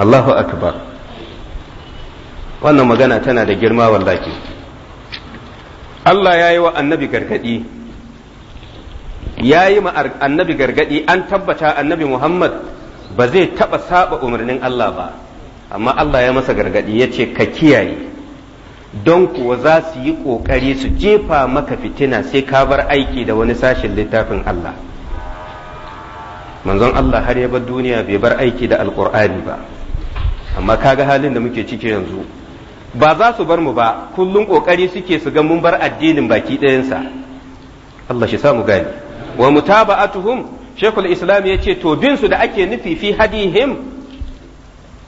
Allahu akbar wannan magana tana da girma wallahi Allah ya yi wa annabi gargadi ya ma annabi gargadi an tabbata annabi Muhammad ba zai taɓa saba umarnin Allah ba amma Allah ya masa gargadi yace ka kiyaye don kuwa za su yi ƙoƙari su jefa maka fitina sai ka bar aiki da wani sashen littafin Allah manzon Allah har ya bar duniya bai bar aiki da alƙur'ani ba amma kaga halin da muke ciki yanzu ba za su bar mu ba kullum kokari suke su ga mun bar addinin baki ɗayansa Allah shi samu gani wa mutaba'atuhum shekul islam ya ce to bin su da ake nufi fi hadihim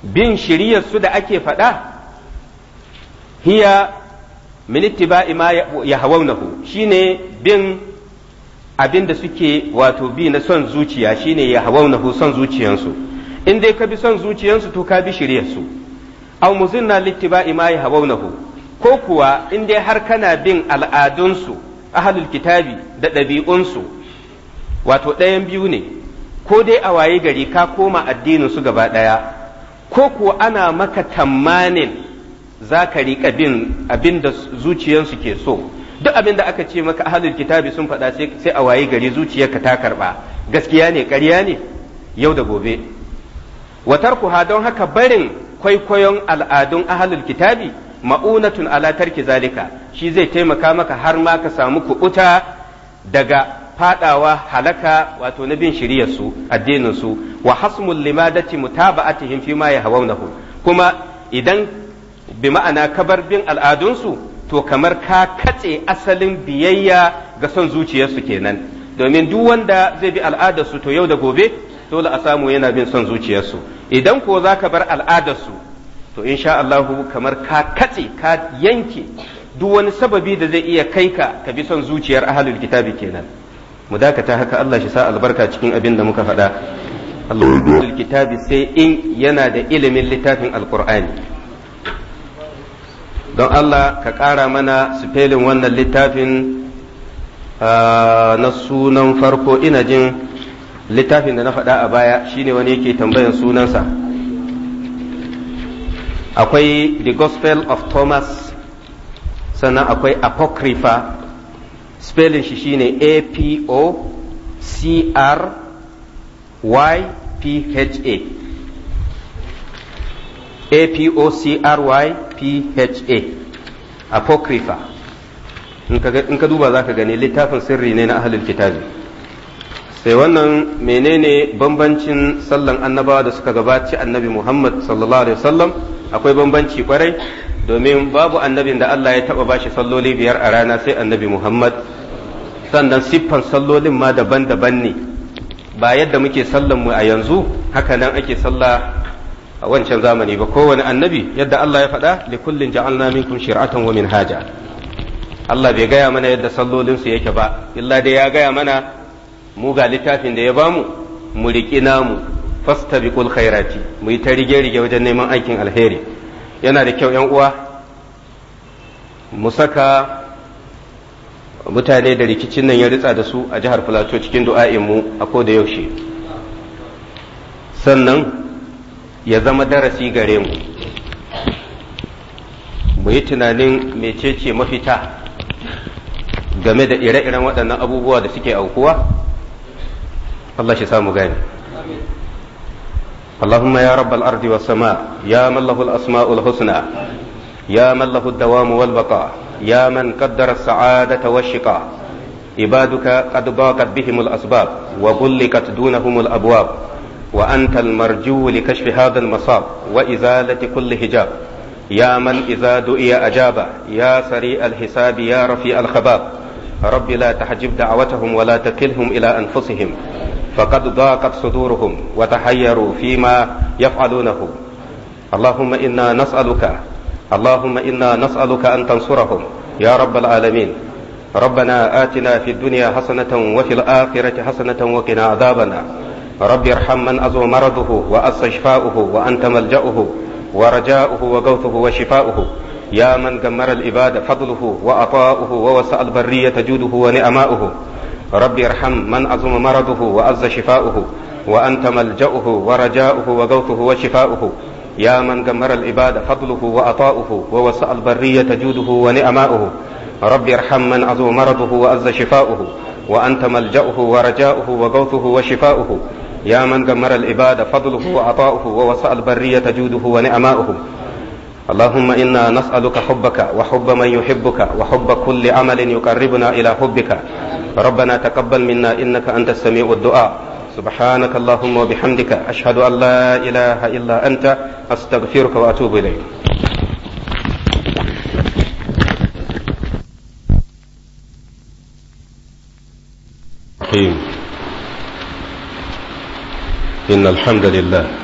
bin shiriyar su da ake faɗa hiya min ittiba'i ma yahawunahu shine bin abin da suke wato bi na son zuciya shine yahawunahu son zuciyansu in dai ka bi son zuciyarsu to ka bi shiryarsu aw muzinna littiba'i ma yahawunahu ko kuwa in dai har kana bin al'adunsu ahlul kitabi da ɗabi'unsu wato ɗayan biyu ne ko dai a waye gari ka koma addinin su gaba ɗaya ko kuwa ana maka tammanin za ka riƙa bin abin da zuciyarsu ke so duk abin da aka ce maka ahlul kitabi sun faɗa sai a waye gari zuciyarka ta karɓa gaskiya ne ƙarya ne yau da gobe wa ha don haka barin kwaikwayon al'adun ahlul kitabi ma'unatun ala tarki zalika shi zai taimaka maka har ma ka samu kuɓuta daga fadawa halaka wato na bin shiriyar su addinin su wa hasmul limadati mutaba'atihim fi ma yahawunahu kuma idan bi ma'ana kabar bin al'adunsu to kamar ka katse asalin biyayya ga son zuciyarsu kenan domin duk wanda zai bi al'adarsu to yau da gobe dole a samu yana bin son zuciyarsu idan ko za ka bar al'adarsu to insha Allah kamar ka katse ka yanke duk wani sababi da zai iya kai ka ka bi son zuciyar ahlul kitabi kenan mu dakata haka Allah shi sa albarka cikin abin da muka faɗa ahlul kitabi sai in yana da ilimin littafin alqur'ani don Allah ka kara mana sifelin wannan littafin ah, na sunan farko ina jin littafin da na faɗa a baya shine wani yake tambayan sunansa akwai the gospel of thomas sannan akwai apocrypha spelling shi shine a p o c r y p h a a p o c r y p h a apocrypha in ka duba za ka gani littafin sirri ne na ahalin kitabi sai eh, wannan menene bambancin sallan annabawa da suka gabaci annabi Muhammad sallallahu alaihi wasallam akwai bambanci kwarai domin babu annabin da Allah ya taba bashi salloli biyar a rana sai annabi Muhammad sannan siffan sallolin ma daban-daban ne ba yadda muke sallan mu a yanzu haka nan ake salla a wancan zamani ba kowane annabi yadda Allah ya faɗa li kullin ja'alna minkum shir'atan wa minhaja Allah bai gaya mana yadda sallolinsu yake ba illa dai ya gaya mana mu ga littafin da ya bamu mu riƙi namu fastabiqul khairati mu yi ta rige-rige wajen neman aikin alheri yana da kyau yan uwa mu saka mutane da rikicin nan ya ritsa da su a jihar filato cikin du'a'in mu a koda yaushe sannan ya zama darasi gare mu mu yi tunanin mecece mafita game da ire-iren waɗannan abubuwa da suke aukuwa الله shi samu اللهم يا رب الأرض والسماء يا من له الأسماء الحسنى يا من له الدوام والبقاء يا من قدر السعادة والشقاء عبادك قد ضاقت بهم الأسباب وغلقت دونهم الأبواب وأنت المرجو لكشف هذا المصاب وإزالة كل حجاب يا من إذا دعي أجاب يا سريع الحساب يا رفيع الخباب رب لا تحجب دعوتهم ولا تكلهم إلى أنفسهم فقد ضاقت صدورهم وتحيروا فيما يفعلونه اللهم إنا نسألك اللهم إنا نسألك أن تنصرهم يا رب العالمين ربنا آتنا في الدنيا حسنة وفي الآخرة حسنة وقنا عذابنا رب ارحم من أزو مرضه وأس شفاؤه وأنت ملجأه ورجاؤه وغوثه وشفاؤه يا من جمر العباد فضله وعطاؤه ووسع البرية جوده ونعماؤه رب ارحم من عظم مرضه وأز شفاؤه وأنت ملجأه ورجاؤه وغوثه وشفاؤه يا من جمر العباد فضله وأطاؤه ووسع البرية جوده ونعماؤه رب ارحم من عظم مرضه وأز شفاؤه وأنت ملجأه ورجاؤه وغوثه وشفاؤه يا من جمر العباد فضله وعطاؤه ووسع البرية جوده ونعماؤه اللهم إنا نسألك حبك وحب من يحبك وحب كل عمل يقربنا إلى حبك ربنا تقبل منا إنك أنت السميع الدعاء سبحانك اللهم وبحمدك أشهد أن لا إله إلا أنت أستغفرك وأتوب إليك إن الحمد لله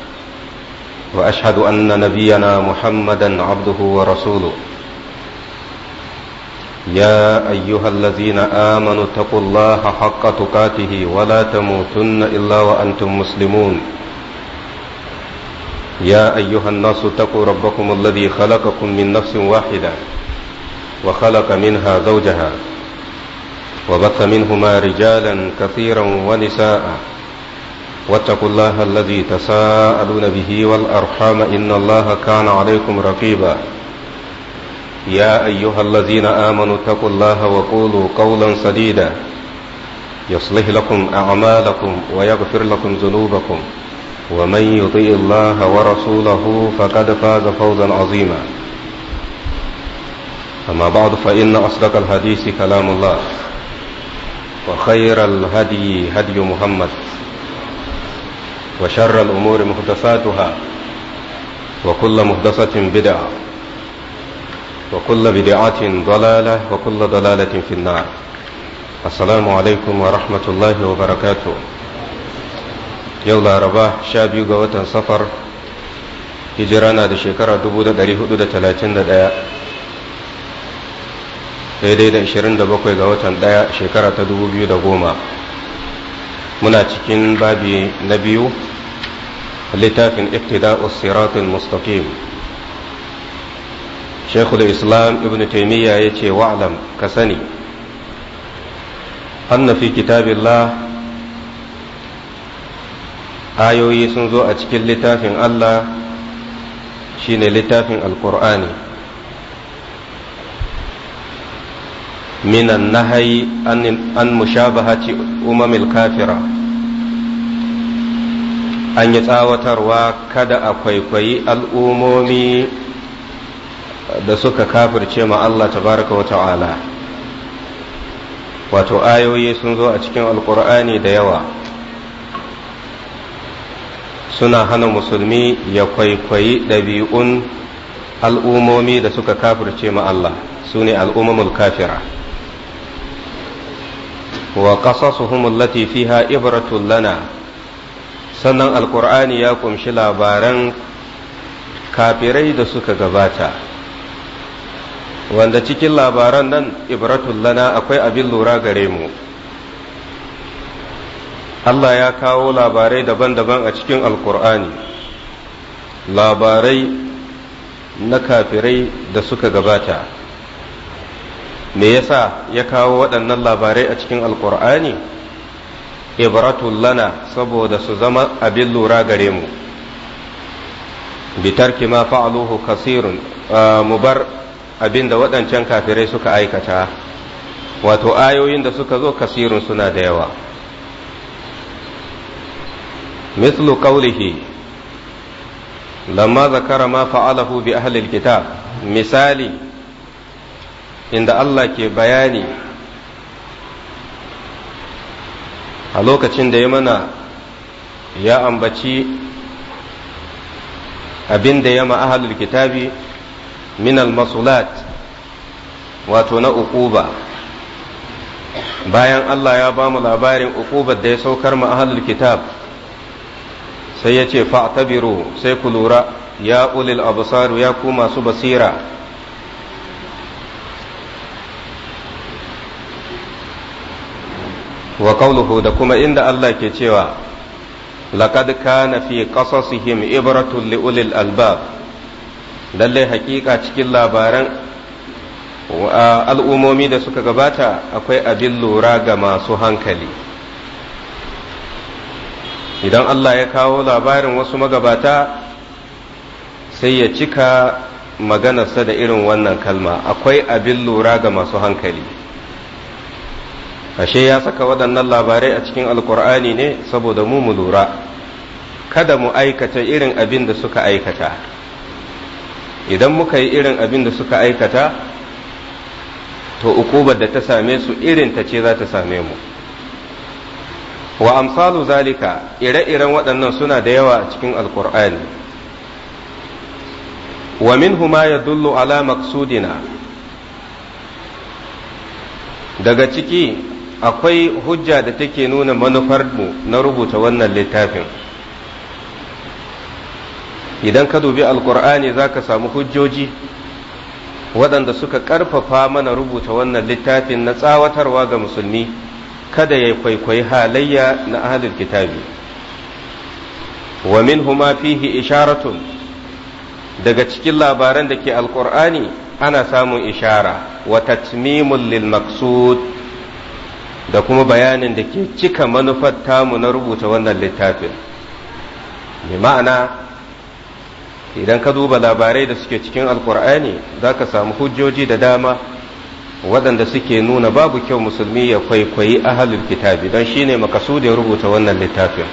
واشهد ان نبينا محمدا عبده ورسوله يا ايها الذين امنوا اتقوا الله حق تقاته ولا تموتن الا وانتم مسلمون يا ايها الناس اتقوا ربكم الذي خلقكم من نفس واحده وخلق منها زوجها وبث منهما رجالا كثيرا ونساء واتقوا الله الذي تساءلون به والأرحام إن الله كان عليكم رقيبا يا أيها الذين آمنوا اتقوا الله وقولوا قولا سديدا يصلح لكم أعمالكم ويغفر لكم ذنوبكم ومن يطيع الله ورسوله فقد فاز فوزا عظيما أما بعد فإن أصدق الحديث كلام الله وخير الهدي هدي محمد وشر الأمور محدثاتها وكل محدثة بدعة وكل بدعة ضلالة وكل ضلالة في النار السلام عليكم ورحمة الله وبركاته يولا رباه شابي قوة سفر hijirana da shekara 431 daidai da 27 ga watan ɗaya shekara ta 2010 muna cikin babi na biyu littafin iktida'us siratul mustaqim shekul islam ibn taimiyya ya ce wa'alam ka sani anna fi kitabillah ayoyi sun zo a cikin littafin allah shine littafin alkur'ani minan nahayi an mushabahati umamil kafira an yi tsawatarwa kada a kwaikwayi al'umomi da suka kafirce ma Allah tabaraka wa ta'ala wato ayoyi sun zo a cikin alkur'ani da yawa suna hana musulmi ya kwaikwayi ɗabi'un al'umomi da suka kafirce ma Allah su ne al'ummul kafira wa ƙasa su lati fiha ibratun lana sannan alkur'ani ya kumshi labaran kafirai da suka gabata wanda cikin labaran nan ibratul lana akwai abin lura gare mu Allah ya kawo labarai daban-daban a cikin alkur'ani labarai na kafirai da suka gabata me yasa ya kawo waɗannan labarai a cikin alkur'ani ibratun lana saboda su zama abin lura gare mu bitarki ma fa'aluhu kasirun mu bar abin da waɗancan kafirai suka aikata wato ayoyin da suka zo kasirun suna da yawa mislu qawlihi zakara ma fa'alahu bi ahli alkitab misali inda Allah ke bayani. a lokacin da ya mana ya ambaci abin da ya ma'ahalul kitabi minal masulat wato na ukuba bayan Allah ya ba mu labarin ukubar da ya saukar ma'ahalul kitab sai ya ce fa'tabiru sai ku lura ya ulil abusaru ya ku masu basira wa kauluhu da kuma inda Allah ke cewa laqad kana fi qasasihim ibratun li ulil albab lalle hakika cikin labaran al'umomi da suka gabata akwai abin lura ga masu hankali idan Allah ya kawo labarin wasu magabata sai ya cika maganarsa da irin wannan kalma akwai abin lura ga masu hankali ashe ya saka waɗannan labarai a cikin alkur'ani ne saboda mu mu lura kada mu aikata irin abin da suka aikata idan muka yi irin abin da suka aikata to ukubar da ta same su irin ta ce za ta same mu wa amsalu zalika ire-iren waɗannan suna da yawa a cikin alkur'ani wa minhuma ya dullo ala maksudina daga ciki akwai hujja da take nuna manufar mu na rubuta wannan littafin idan ka dubi alkur'ani za ka samu hujjoji waɗanda suka ƙarfafa mana rubuta wannan littafin na tsawatarwa ga musulmi kada ya kwaikwayi halayya na ahalul kitabi wa min huma fihi isharatun daga cikin labaran da ke alkur'ani ana samun ishara wa tatmimul lil da kuma bayanin da ke cika manufar tamu na rubuta wannan littafin mai ma'ana idan ka duba labarai da suke cikin alkur'ani za ka samu hujjoji da dama waɗanda suke nuna babu kyau musulmi ya kwaikwayi ahalul kitabi don shi shine makasudin rubuta wannan littafin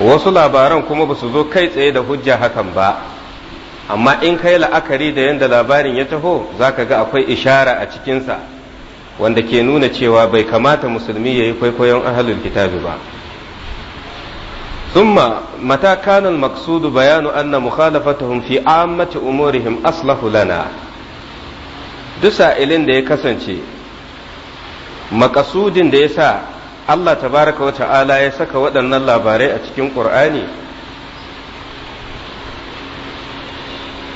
wasu labaran kuma ba su zo kai tsaye da hujja hakan ba amma in kai la'akari da yadda labarin ya taho za ka ga akwai ishara a cikinsa wanda ke nuna cewa bai kamata musulmi ya yi kwaikwayon ahalul kitabi ba ثم متى maksudu المقصود بيان أن مخالفتهم في عامة Aslahulana. أصلح لنا dusa ilin da ya kasance makasudin da ya sa Allah tabaraka wa ta'ala ya saka waɗannan labarai a cikin ƙur'ani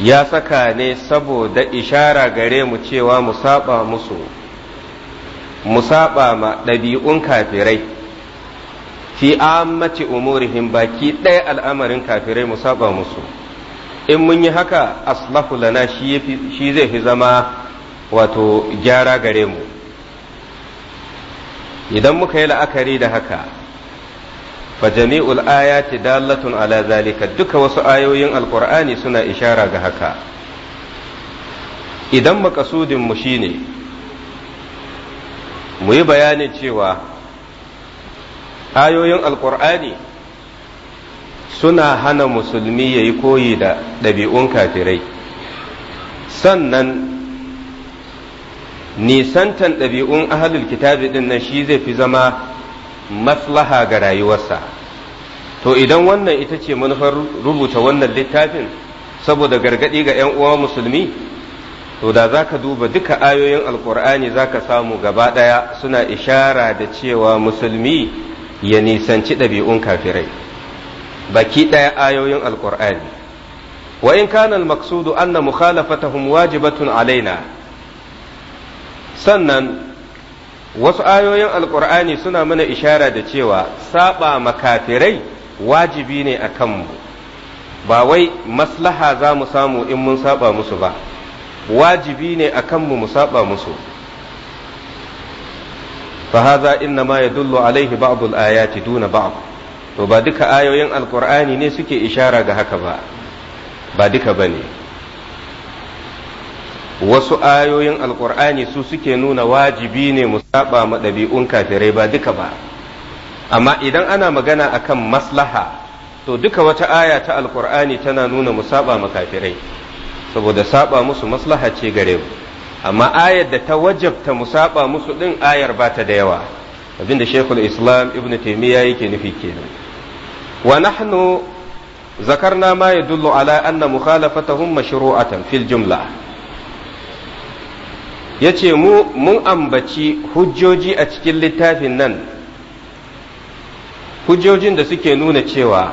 ya saka ne saboda ishara gare mu cewa mu saba musu mu saɓa ma ɗabi'un kafirai fi ammati umurihim baki ɗaya al'amarin kafirai mu saɓa musu in mun yi haka aslahu lana shi zai fi zama wato gyara gare mu idan muka yi la'akari da haka fa jami'ul ayati dalatun ala zalika duka wasu ayoyin alqur'ani suna ishara ga haka idan makasudin mu shine mu yi bayanin cewa ayoyin alkur'ani suna hana musulmi ya yi koyi da ɗabi'un kafirai sannan nisantan ɗabi'un ahalul kitabi ɗin nan shi zai fi zama maslaha ga rayuwarsa to idan wannan ita ce manufar rubuta wannan littafin saboda gargaɗi ga 'yan uwa musulmi to da za ka duba duka ayoyin alkur'ani za ka samu gaba ɗaya suna ishara da cewa musulmi ya nisanci ɗabi'un kafirai baki ɗaya ayoyin alkur'ani wa in kana al-maqsudu anna mukhalafatahum wajibatun alaina sannan wasu ayoyin alkur'ani suna mana ishara da cewa saba makafirai wajibi ne a mu, ba wai maslaha za mu samu in mun saba musu ba wajibi ne a kanmu mu saba musu فهذا إنما يدل عليه بعض الآيات دون بعض to ba duka ayoyin alkur'ani ne suke ishara ga haka ba ba duka ba ne wasu ayoyin alkur'ani su suke nuna wajibi ne mu saba ma ɗabi'un kafirai ba duka ba amma idan ana magana akan maslaha to duka wata aya ta alkur'ani tana nuna mu saba ma kafirai saboda saba musu maslaha ce gare mu amma ayar da ta wajabta mu saba musu din ayar ba ta da yawa abinda shekul islam ibn taimiyya yake nufi kenan wa nahnu zakarna ma yadullu ala anna mukhalafatahum mashru'atan fil jumla yace mu mun ambaci hujjoji a cikin littafin nan hujjojin da suke nuna cewa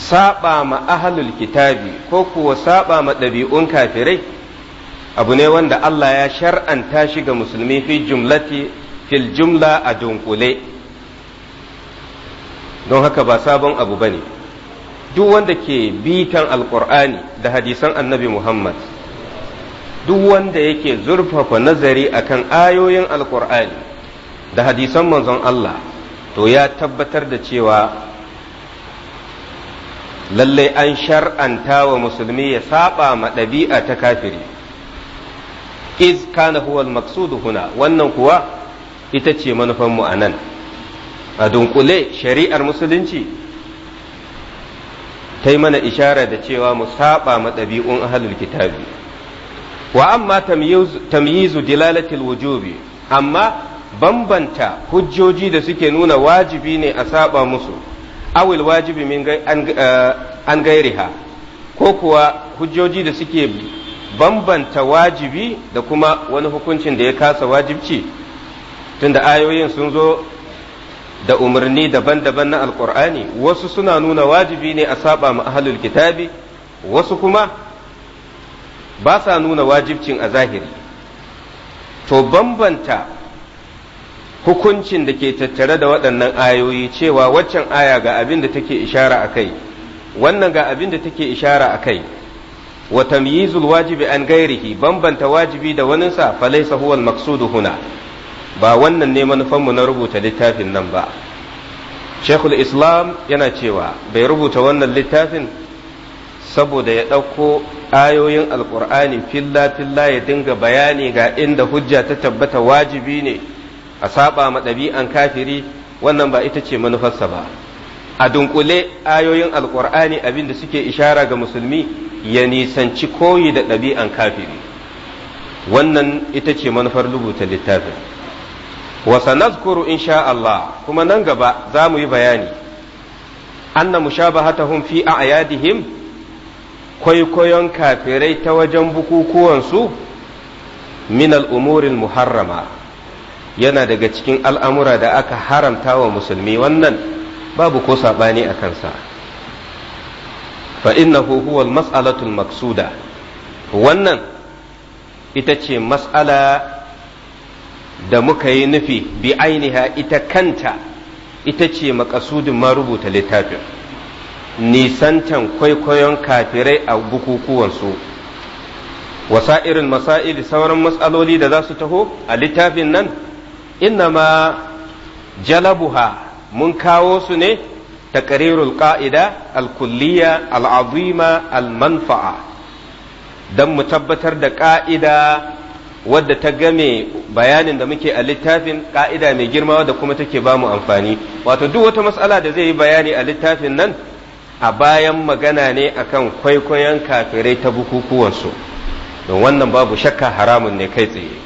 saba ma ahlul kitabi ko kuwa saba ma ɗabi'un kafirai abu ne wanda Allah ya shar'anta shi ga musulmi fi jumlati fil jumla a dunkule don haka ba sabon abu bane duk wanda ke bitan alkur'ani da hadisan annabi Muhammad duk wanda yake zurfafa nazari akan ayoyin alkur'ani da hadisan manzon Allah to ya tabbatar da cewa lallai an shar'anta wa musulmi ya saba ma ɗabi'a ta kafiri iz kana huwal huna wannan kuwa ita ce manufan mu anan a dunkule shari'ar musulunci ta yi mana ishara da cewa mu saba ma ɗabi'un ahlul kitabi wa amma tamyizu dilalatil wujubi amma bambanta hujjoji da suke nuna wajibi ne a saba musu awil wajibi min eh, an gairiha ko kuwa hujjoji da suke bambanta wajibi da kuma wani hukuncin da ya kasa wajibci tunda ayoyin sun zo da umarni daban-daban na alkur'ani wasu suna nuna wajibi ne a saba ma ahlul kitabi wasu kuma ba sa nuna wajibcin a zahiri to bambanta hukuncin da ke tattare da waɗannan ayoyi cewa waccan aya ga abin da take ishara a kai wannan ga abin da take ishara a kai wata wajibi an gairihi bambanta wajibi da waninsa falaisa huwa maksudu huna ba wannan ne manufanmu na rubuta littafin nan ba shekul islam yana cewa bai rubuta wannan littafin saboda ya ɗauko ayoyin alƙur'ani filla filla ya dinga bayani ga inda hujja ta tabbata wajibi ne a saba ma ɗabi'an kafiri wannan ba ita ce manufarsa ba a dunkule ayoyin alkur'ani abin da suke ishara ga musulmi ya nisanci koyi da ɗabi'an kafiri wannan ita ce manufar rubuta littafin wasa nazkuru insha Allah kuma nan gaba za mu yi bayani anna mushabahatahum fi a'yadihim kwaikwayon kafirai ta wajen bukukuwansu min al'umurin muharrama yana daga cikin al'amura da aka haramta wa musulmi wannan babu ko saɓani a kansa fa'innahu huwal mas'alatul maksuda wannan ita ce mas'ala da muka yi nufi bi ainiha ita kanta ita ce makasudin marubuta littafin nisantan kwaikwayon kafirai a bukukuwansu irin masa'ili sauran matsaloli da za su taho a littafin nan innama jalabuha mun kawo su ne taqrirul qa'ida al-kulliya al-azima al-manfa'a dan mu tabbatar da ƙa'ida wadda ta game bayanin da muke a littafin ƙa'ida mai girma wadda kuma take ba mu amfani wato duk wata matsala da zai yi bayani a littafin nan a bayan magana ne akan kwaikwayon kafirai ta bukukuwansu don wannan babu shakka haramun ne kai tsaye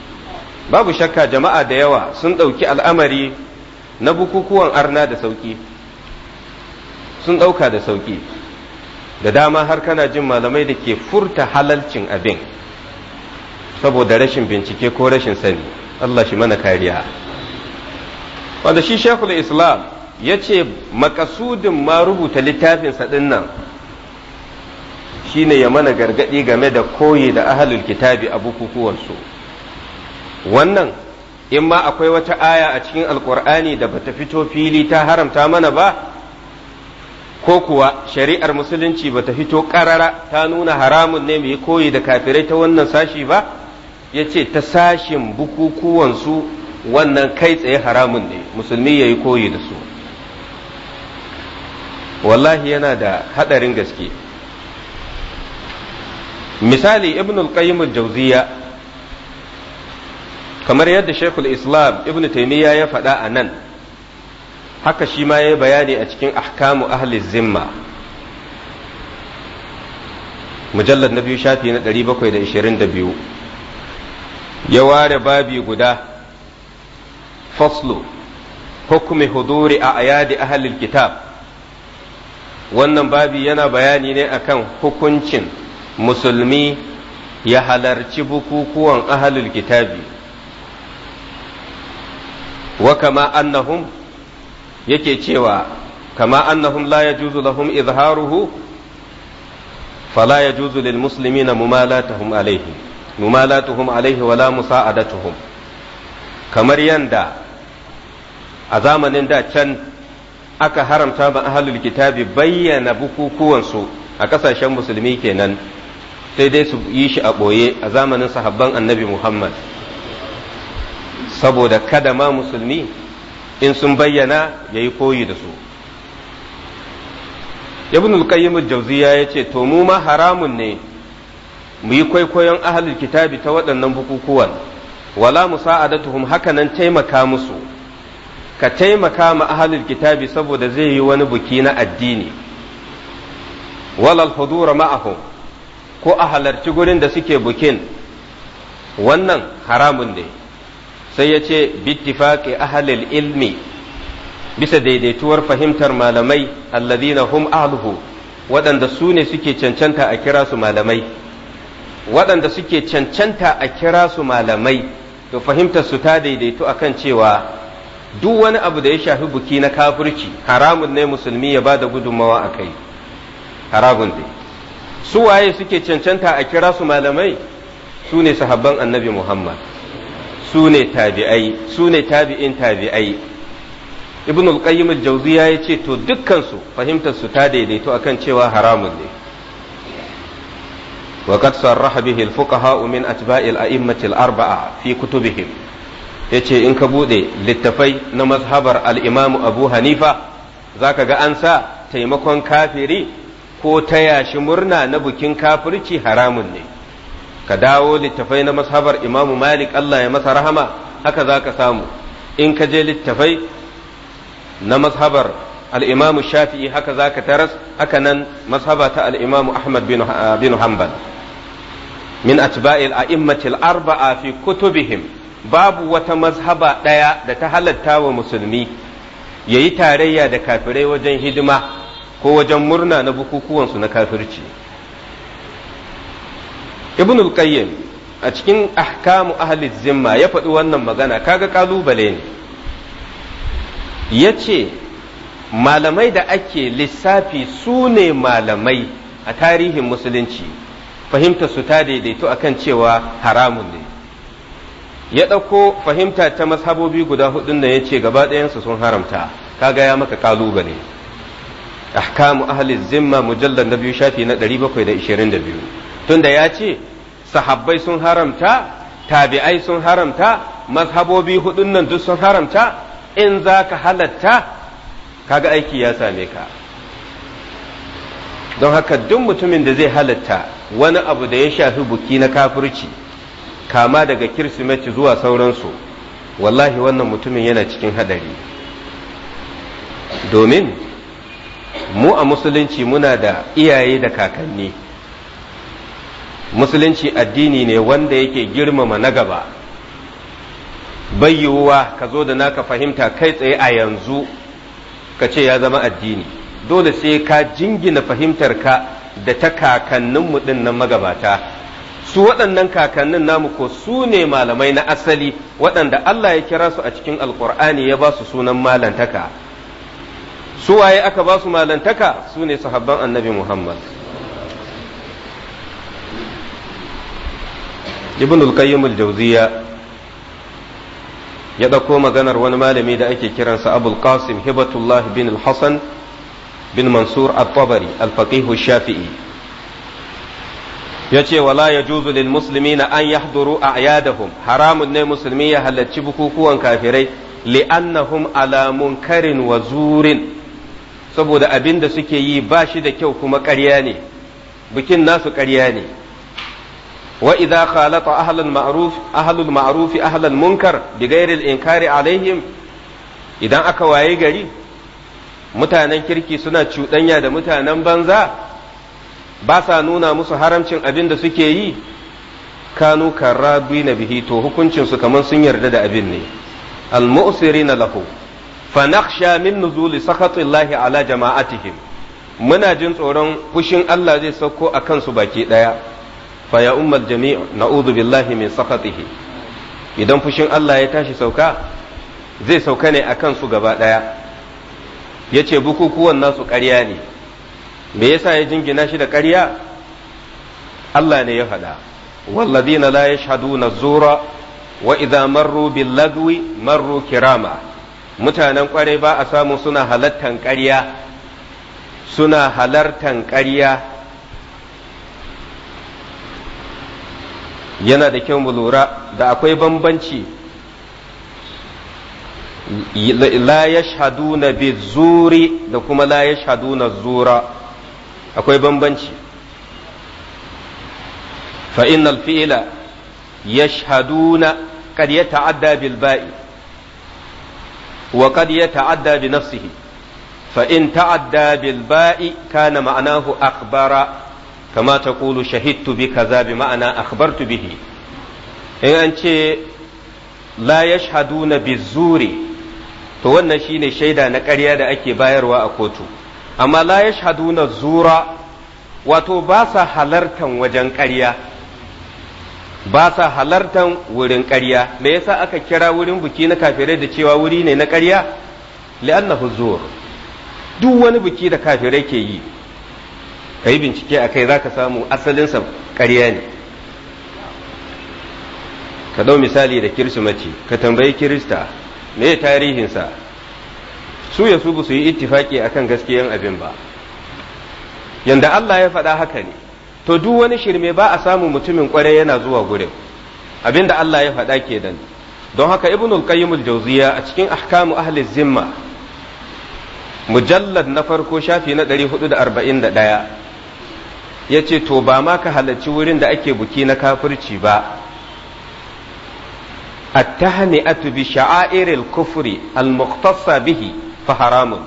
babu shakka jama'a da yawa sun ɗauki al'amari na bukukuwan arna da sauƙi sun ɗauka da sauki da dama har kana jin malamai da ke furta halalcin abin saboda rashin bincike ko rashin sani Allah shi mana kariya wanda shi shekul islam ya ce makasudin ma rubuta littafinsa ɗin nan ne ya mana gargaɗi game da koyi da ahalul kitabi a bukukuwansu wannan in ma akwai wata aya a cikin alkur'ani da bata fito fili ta haramta mana ba ko kuwa shari'ar musulunci bata fito karara ta nuna haramun ne mai koyi da kafirai ta wannan sashi ba ya ce ta sashin bukukuwansu wannan kai tsaye haramun ne musulmi ya yi koyi da su wallahi yana da haɗarin gaske misali ibn qayyim al-jawziya kamar yadda shekul islam ibn taimiyya ya faɗa a nan haka shi ma ya yi bayani a cikin ahkamu ahli zimma mujallar na biyu shafi na 722 ya ware babi guda faslu hukumi huduri a ayadi ahalil kitab wannan babi yana bayani ne a kan hukuncin musulmi ya halarci bukukuwan ahalul kitabi wa kama annahum yake cewa kama annahum la yajuzu lahum izharuhu fala yajuzu lil muslimina mumalatuhum alaihi mumalatuhum alaihi wala musa'adatuhum kamar yadda a zamanin da can aka haramta ba ahlul kitabi bayyana bukukuwansu a kasashen musulmi kenan sai dai su yi shi a ɓoye a zamanin sahabban annabi Muhammad saboda kada ma musulmi in sun bayyana ya yi koyi da su ibn al-qayyim jauziya ya ce to mu ma haramun ne mu yi kwaikwayon ahalin kitabi ta waɗannan bukukuwan wala mu musa'adatuhum hakanan taimaka musu ka taimaka ma ahalin kitabi saboda zai yi wani buki na addini walal hudura ma'ahum ko a halarci gurin da suke bukin wannan haramun ne sai ya ce bittifaqi ahlil ilmi bisa daidaituwar fahimtar malamai na hum ahluhu waɗanda su ne suke cancanta a kira su malamai waɗanda suke cancanta a kira su malamai to fahimtar su ta daidaitu akan cewa duk wani abu da ya shafi buki na kafirci haramun ne musulmi ya bada gudunmawa a kai haramun ne su waye suke cancanta a kira su malamai su ne sahabban annabi muhammad su ne tabi'ai su ne tabi'in tabi'ai ibn al-qayyim al-jawziya ya ce to dukkan su fahimtar su ta daidaito akan cewa haramun ne wa qad sarraha bihi al-fuqaha min atba'i al-a'immati al-arba'a fi kutubihim yace in ka bude littafai na mazhabar al-imam abu hanifa zaka ga an sa taimakon kafiri ko ta yashi murna na bukin kafirci haramun ne ka dawo littafai na mashabar imamu malik Allah ya masa rahama haka za ka samu in ka je littafai na mashabar al'imamu shafi'i haka za ka taras haka nan mashaba ta al'imamu ahmad bin hanbal min atba'il a'immatil arba'a fi kutubihim babu wata mashaba ɗaya da ta halatta wa musulmi ya yi tarayya da kafirai wajen hidima ko wajen murna na bukukuwansu na kafirci. ibn al-qayyim a cikin ahkamu ahli zimma ya faɗi wannan magana kaga kalubale ne yace malamai da ake lissafi su ne malamai a tarihin musulunci fahimta su ta daidaito akan cewa haramun ne ya ɗauko fahimta ta mazhabobi guda hudun da ya ce gaba ɗayansu sun haramta kaga ya maka kalubale ahkamu ahli zimma mujallar na biyu shafi na 722 tunda ya ce sahabbai sun haramta tabi'ai sun haramta mazhabobi hudun nan duk sun haramta in za ka halatta kaga aiki ya same ka don haka duk mutumin da zai halatta wani abu da ya shafi buki na kafirci kama daga kirsimeti zuwa sauransu wallahi wannan mutumin yana cikin hadari domin mu a musulunci muna da iyaye da kakanni musulunci addini ne wanda yake girmama na gaba bai ka zo da naka fahimta kai tsaye a yanzu ka ce ya zama addini dole sai ka jingina fahimtar ka da ta kakanninmu din nan magabata su waɗannan kakannin namu ko su ne malamai na asali waɗanda Allah ya kira su a cikin alkur'ani ya ba su sunan malantaka su waye aka ba su malantaka su ne sahabban annabi Muhammad ibn al-qayyim al-jawziya ya dauko maganar wani malami da ake kiransa abul qasim hibatullah bin al-hasan bin mansur at-tabari al-faqih shafii yace wala yajuzu lil muslimina an yahduru a'yadahum haramun ne musulmi ya halarci bukukuwan kafirai li'annahum ala munkarin wa zurin saboda abin da suke yi bashi da kyau kuma ƙarya ne bikin nasu ƙarya ne wa idza khalata ahlul ma'ruf ahlul ma'ruf munkar bi ghairil inkari alaihim idan aka waye gari mutanen kirki suna cuɗanya da mutanen banza ba sa nuna musu haramcin abin da suke yi kanu karrabi na bihi to hukuncinsu kamar sun yarda da abin ne al-mu'siri na lahu fa nakhsha min nuzuli sakhatillahi ala jama'atihim muna jin tsoron fushin Allah zai sauko a kansu baki ɗaya fa ya ummal jami' na'udhu billahi min idan fushin Allah ya tashi sauka zai sauka ne akan su gaba daya yace bukukuwan nasu ƙarya ne me yasa ya jingina shi da ƙarya Allah ne ya faɗa walladina la yashhaduna zura wa idza marru bil lagwi marru kirama mutanen ƙwarai ba a samu suna halartan ƙarya suna halartan ƙarya yana da kyau mu lura da akwai bambanci la yashhaduna bizuri da kuma la yashhaduna zura akwai bambanci fa innal fi'la yashhaduna qad yata'adda bil ba'i wa qad yata'adda bi nafsihi fa in ta'adda bil ba'i kana ma'anahu akbara. kama ta kulu shahidtu bi kaza bi ma'ana akhbartu bihi in an ce la yashhaduna bizuri to wannan shine shaida na ƙarya da ake bayarwa a kotu amma la yashhaduna zura wato ba sa halartan wajen ƙarya ba sa halartan wurin ƙarya me yasa aka kira wurin buki na kafirai da cewa wuri ne na ƙarya li'annahu zur duk wani buki da kafirai ke yi ka yi bincike a kai za ka samu asalinsa ƙarya ne ka dau misali da kirsimaci ka tambayi kirista me tarihinsa su ya su su yi ittifaki kan gaskiyan abin ba yanda Allah ya faɗa haka ne to duk wani shirme ba a samu mutumin kwarai yana zuwa gurin abin da Allah ya faɗa ke dan don haka ibnul qayyim al-jawziya a cikin ahkamu ahli zimma mujallad na farko shafi na 441 ya ce to ba ma ka halarci wurin da ake buki na kafirci ba التهنئة بشعائر الكفر المختصة bil فحرام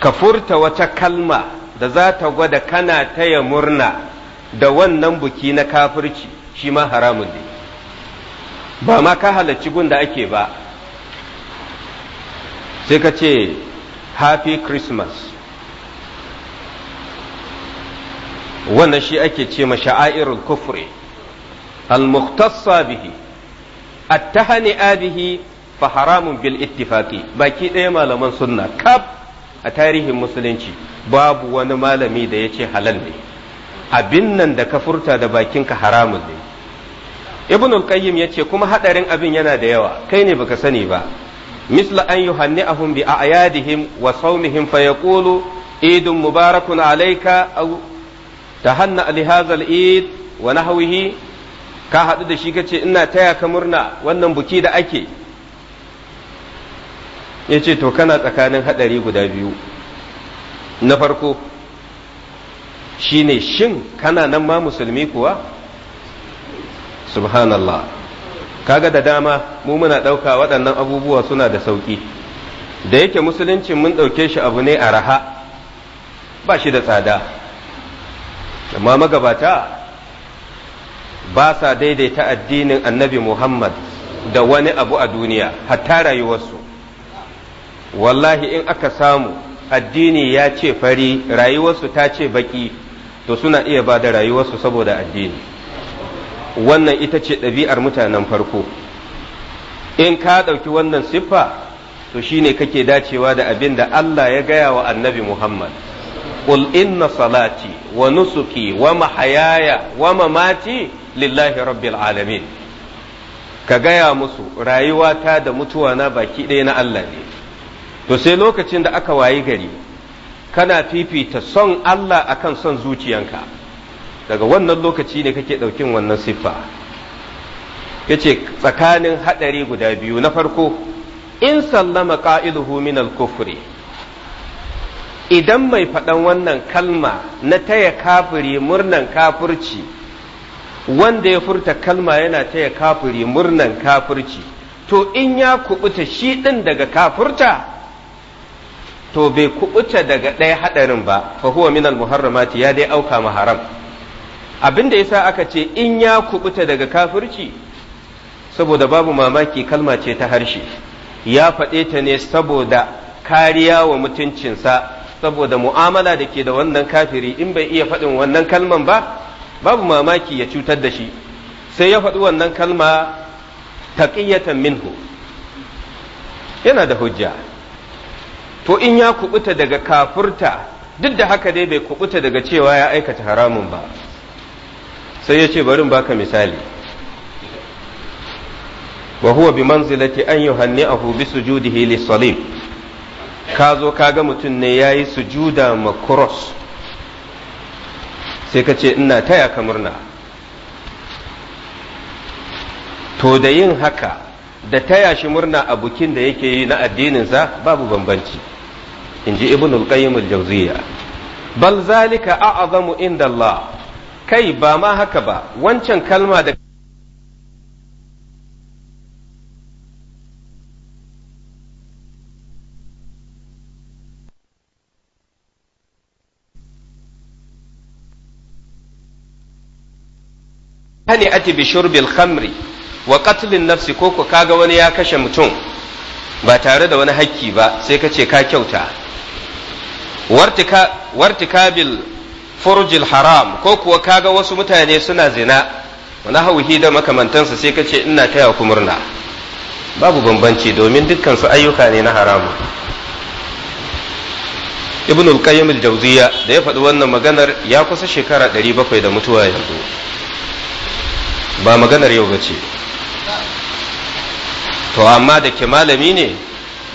kafurta wata kalma da za ta gwada kana taya murna da wannan buki na kafirci shi ma haramun ne ba ma ka halarci gun da ake ba sai ka ce happy christmas wannan shi ake ce ma sha'airul kufri al-muhtassa bihi at-tahani'a bihi fa haramun bil ittifaqi baki ɗaya malaman sunna kaf a tarihin musulunci babu wani malami da ya ce halal ne abin nan da ka furta da bakinka haramun ne ibn al-qayyim yace kuma hadarin abin yana da yawa kai ne baka sani ba misla an yuhanni'ahum bi a'yadihim wa sawmihim fa yaqulu idun mubarakun alayka aw tahanna li hadzal id wa nahwihi ka haɗu da shi kace ina taya ka murna wannan buki da ake yace to kana tsakanin hadari guda biyu na farko shine shin kana nan ma musulmi kuwa subhanallah kaga da dama mu muna ɗauka waɗannan abubuwa suna da sauƙi da yake musuluncin mun ɗauke shi abu ne a raha ba shi da tsada amma magabata ba sa daidaita addinin annabi Muhammad da wani abu a duniya hatta rayuwarsu wallahi in aka samu addini ya ce fari rayuwarsu ta ce baki to suna iya ba da rayuwarsu saboda addini wannan ita ce ɗabi'ar mutanen farko in ka ɗauki wannan siffa to shine kake dacewa da abin da Allah ya gaya wa annabi Muhammad qul inna salati wa nusuki wa mahayaya wa mamati lillahi rabbil alamin ka gaya musu rayuwata da mutuwa na baki ɗaya na Allah ne to sai lokacin da aka wayi gari kana fifita son Allah akan son zuciyanka daga wannan lokaci ne kake ɗaukin wannan siffa yace tsakanin haɗari guda biyu na farko in sallama ƙa'iluhu min al-kufri idan mai faɗan wannan kalma na taya kafiri murnan kafirci wanda ya furta kalma yana taya kafiri murnan kafirci to in ya kubuta shi ɗin daga kafurta, to bai kubuta daga ɗaya haɗarin ba fa huwa minal muharramati ya dai auka ma haram abin da yasa aka ce in ya kubuta daga kafirci saboda babu mamaki kalma ce ta harshe ya faɗe ta ne saboda kariya wa mutuncinsa saboda mu'amala da ke da wannan kafiri in bai iya faɗin wannan kalman ba babu mamaki ya cutar da shi sai ya faɗi wannan kalma taƙiyyatan minhu yana da hujja to in ya kubuta daga kafurta duk da haka dai bai kubuta daga cewa ya aikata haramun ba sai ya ce barin baka misali wa huwa bi manzilati an yuhanni'ahu bi sujudihi lis-salim ka zo ka ga mutum ne ya yi sujuda ma cross sai ka ce ina taya ka murna to da yin haka da taya shi murna a bukin da yake yi na addininsa babu bambanci in ji ibn al-qayyim al bal zalika a'zamu inda Allah kai ba ma haka ba wancan kalma da hani ati bi shurbil khamri wa qatlin nafsi ko ko kaga wani ya kashe mutum ba tare da wani hakki ba sai ka ce ka kyauta wartikabil furjil haram ko kuwa kaga wasu mutane suna zina wani hauhi da makamantansa sai ka ce ina taya ku murna babu bambanci domin dukkan su ayyuka ne na haramu ibn al-qayyim al-jawziya da ya faɗi wannan maganar ya kusa shekara 700 da mutuwa yanzu ba maganar yau ba ce to amma da ke malami ne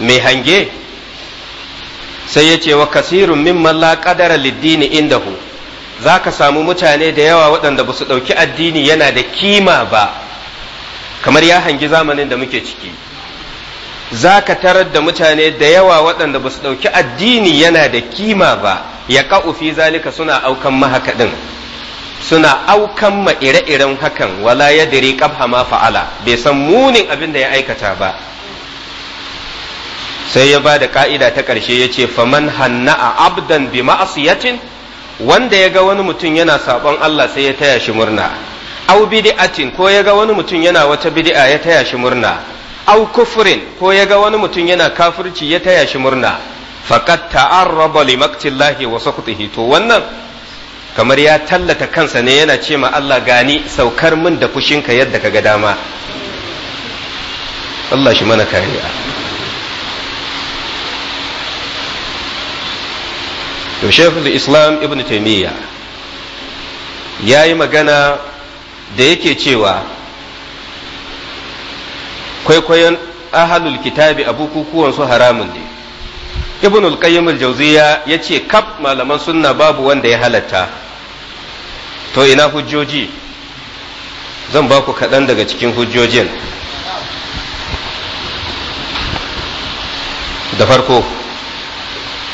mai hange sai ya ce wa kasirun min malla qadara liddini inda za ka samu mutane da yawa waɗanda ba su ɗauki addini yana da kima ba kamar ya hangi zamanin da muke ciki za ka tarar da mutane da yawa waɗanda ba su ɗauki addini yana da kima ba ya fi zalika suna aukan mahakaɗin suna aukan ma ire-iren hakan wala ya dire kabha ma fa'ala bai san munin abin da ya aikata ba sai ya ba da ka'ida ta ƙarshe ya ce faman a abdan bi ma'asiyatin wanda ya ga wani mutum yana sabon Allah sai ya taya shi murna au bid'atin ko ya ga wani mutum yana wata bidi'a ya taya shi murna au kufrin ko ya ga wani mutum yana kafirci ya taya shi murna faqat ta'arraba li maqtillahi wa saqtihi to wannan kamar ya tallata kansa ne yana ce ma Allah gani saukar min da fushinka yadda ka ga dama Allah shi mana kariya to shekul islam ibn taimiyya ya yi magana da yake cewa kwaikwayon ahalul kitabi abukukuwan su haramun ne ibn al-qayyim al-jawziya yace kaf malaman sunna babu wanda ya halatta to ina hujjoji zan ba ku kaɗan daga cikin hujjojin da farko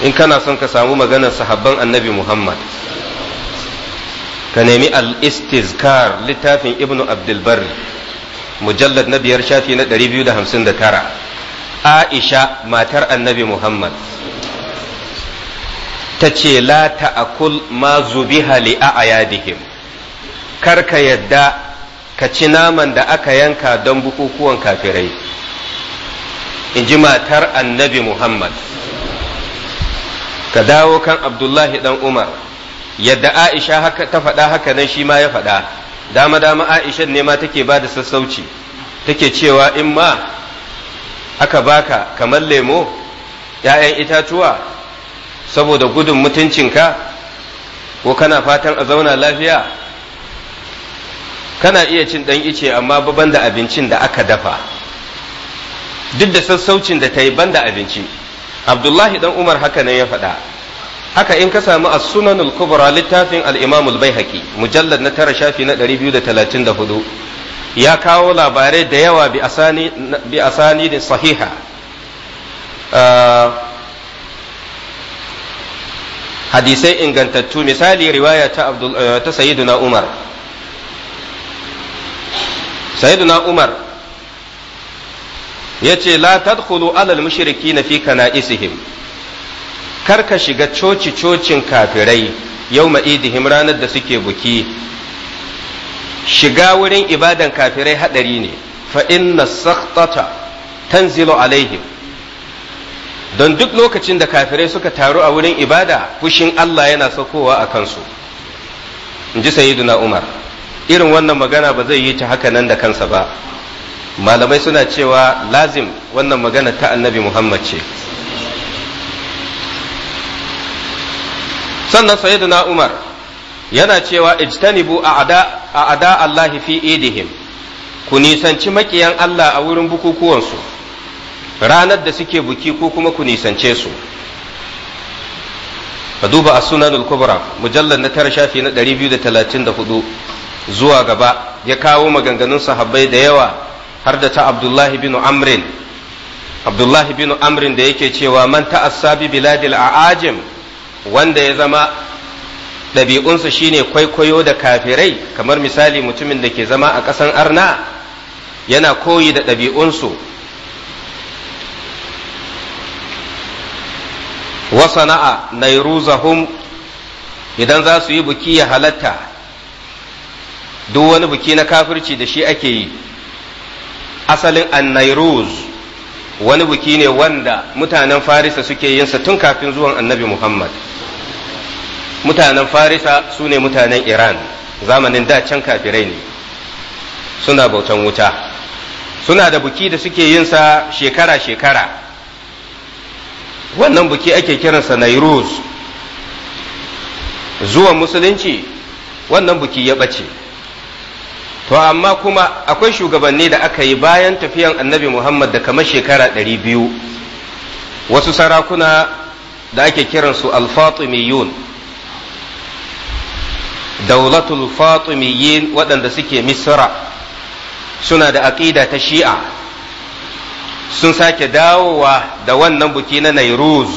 in kana son ka samu maganar sahabban annabi muhammad ka nemi al-istizkar littafin ibn abdulbari mujallad na biyar shafi na 259 Aisha matar annabi Muhammad ta ce la ta'akul ma zubiha li a'yadihim kar ka yadda ka ci naman da aka yanka don bukukuwan kafirai in ji matar annabi Muhammad ka dawo kan Abdullahi dan Umar yadda Aisha ta faɗa haka nan shi ma ya faɗa dama dama Aisha ne ma take bada sassauci take cewa in ma aka baka kamar lemo ‘ya'yan itatuwa saboda gudun mutuncinka ko kana fatan a zauna lafiya kana iya cin ɗan ice amma ban da abincin da aka dafa duk da sassaucin da ta yi ban abinci abdullahi dan umar haka nan ya faɗa haka in ka samu as sunanul kubra littafin al-imamul bai Mujallar na tara shafi na 234 ya kawo labarai da yawa bi asani da sahiha ah, hadisai ingantattu misali riwaya eh, ta sayyiduna umar sayyiduna umar ya ce la tadkhulu alal mushriki na fi kana'isihim kar ka shiga coci-cocin kafirai yau idihim ranar da suke buki shiga wurin ibadan kafirai hadari ne fa inna sakhtata tanzilu alaihim don duk lokacin da kafirai suka taru a wurin ibada fushin Allah yana saukowa a kansu in ji sayyiduna Umar irin wannan magana ba zai yi ta haka nan da kansa ba malamai suna cewa lazim wannan magana ta annabi Muhammad ce sannan sayyiduna Umar yana cewa ijtanibu a ada Allah fi idihim ku nisanci makiyan Allah a wurin bukukuwansu ranar da suke buki ko kuma ku nisance su ka duba a sunanul kubra mujallar na tara shafi na 234 zuwa gaba ya kawo maganganun sahabbai da yawa har da ta abdullahi bin amrin abdullahi bin amrin da yake cewa man ta'assabi biladil a'ajim wanda ya zama ɗabi'unsu shine kwaikwayo da kafirai kamar misali mutumin da ke zama a ƙasan arna yana koyi da ɗabi'unsu wasana'a ruzahum idan za su yi buki ya halatta duk wani buki na kafirci da shi ake yi asalin annairuz wani buki ne wanda mutanen farisa suke yinsa tun kafin zuwan annabi muhammad mutanen farisa su ne mutanen iran zamanin da can kafirai ne suna bautan wuta suna da buki da suke yin sa shekara-shekara wannan buki ake kiransa nairuz zuwan musulunci wannan buki ya ɓace to amma kuma akwai shugabanni da aka yi bayan tafiyan annabi muhammad da kamar shekara ɗari biyu wasu sarakuna da ake kiransu alfatimiyun daulatul fatimiyyin waɗanda suke misra suna da aƙida ta shi'a sun sake dawowa da wannan buki na nairuz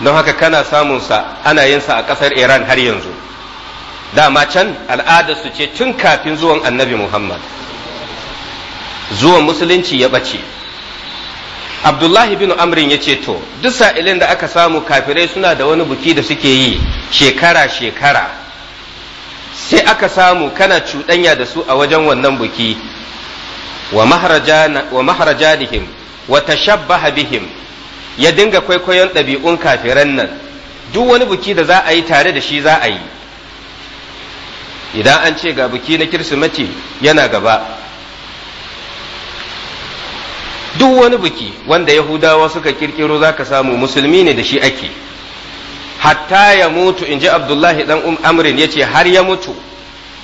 don haka kana samunsa ana yinsa a ƙasar iran har yanzu dama can al'adarsu ce tun kafin zuwan annabi muhammad zuwan musulunci ya ɓace abdullahi bin amrin ya ce to duk sa'ilin da aka samu kafirai suna da wani buki da suke yi shekara-shekara sai aka samu kana cuɗanya da su a wajen wannan buki wa maharajanihim wa tashabbaha bihim ya dinga kwaikwayon ɗabi'un kafiran nan duk wani buki da za a yi tare da shi za a yi idan an ce ga buki na kirsimeti yana gaba duk wani buki wanda yahudawa suka kirkiro za ka samu musulmi ne da shi ake hatta ya mutu in ji abdullahi dan um amrin ya ce har ya mutu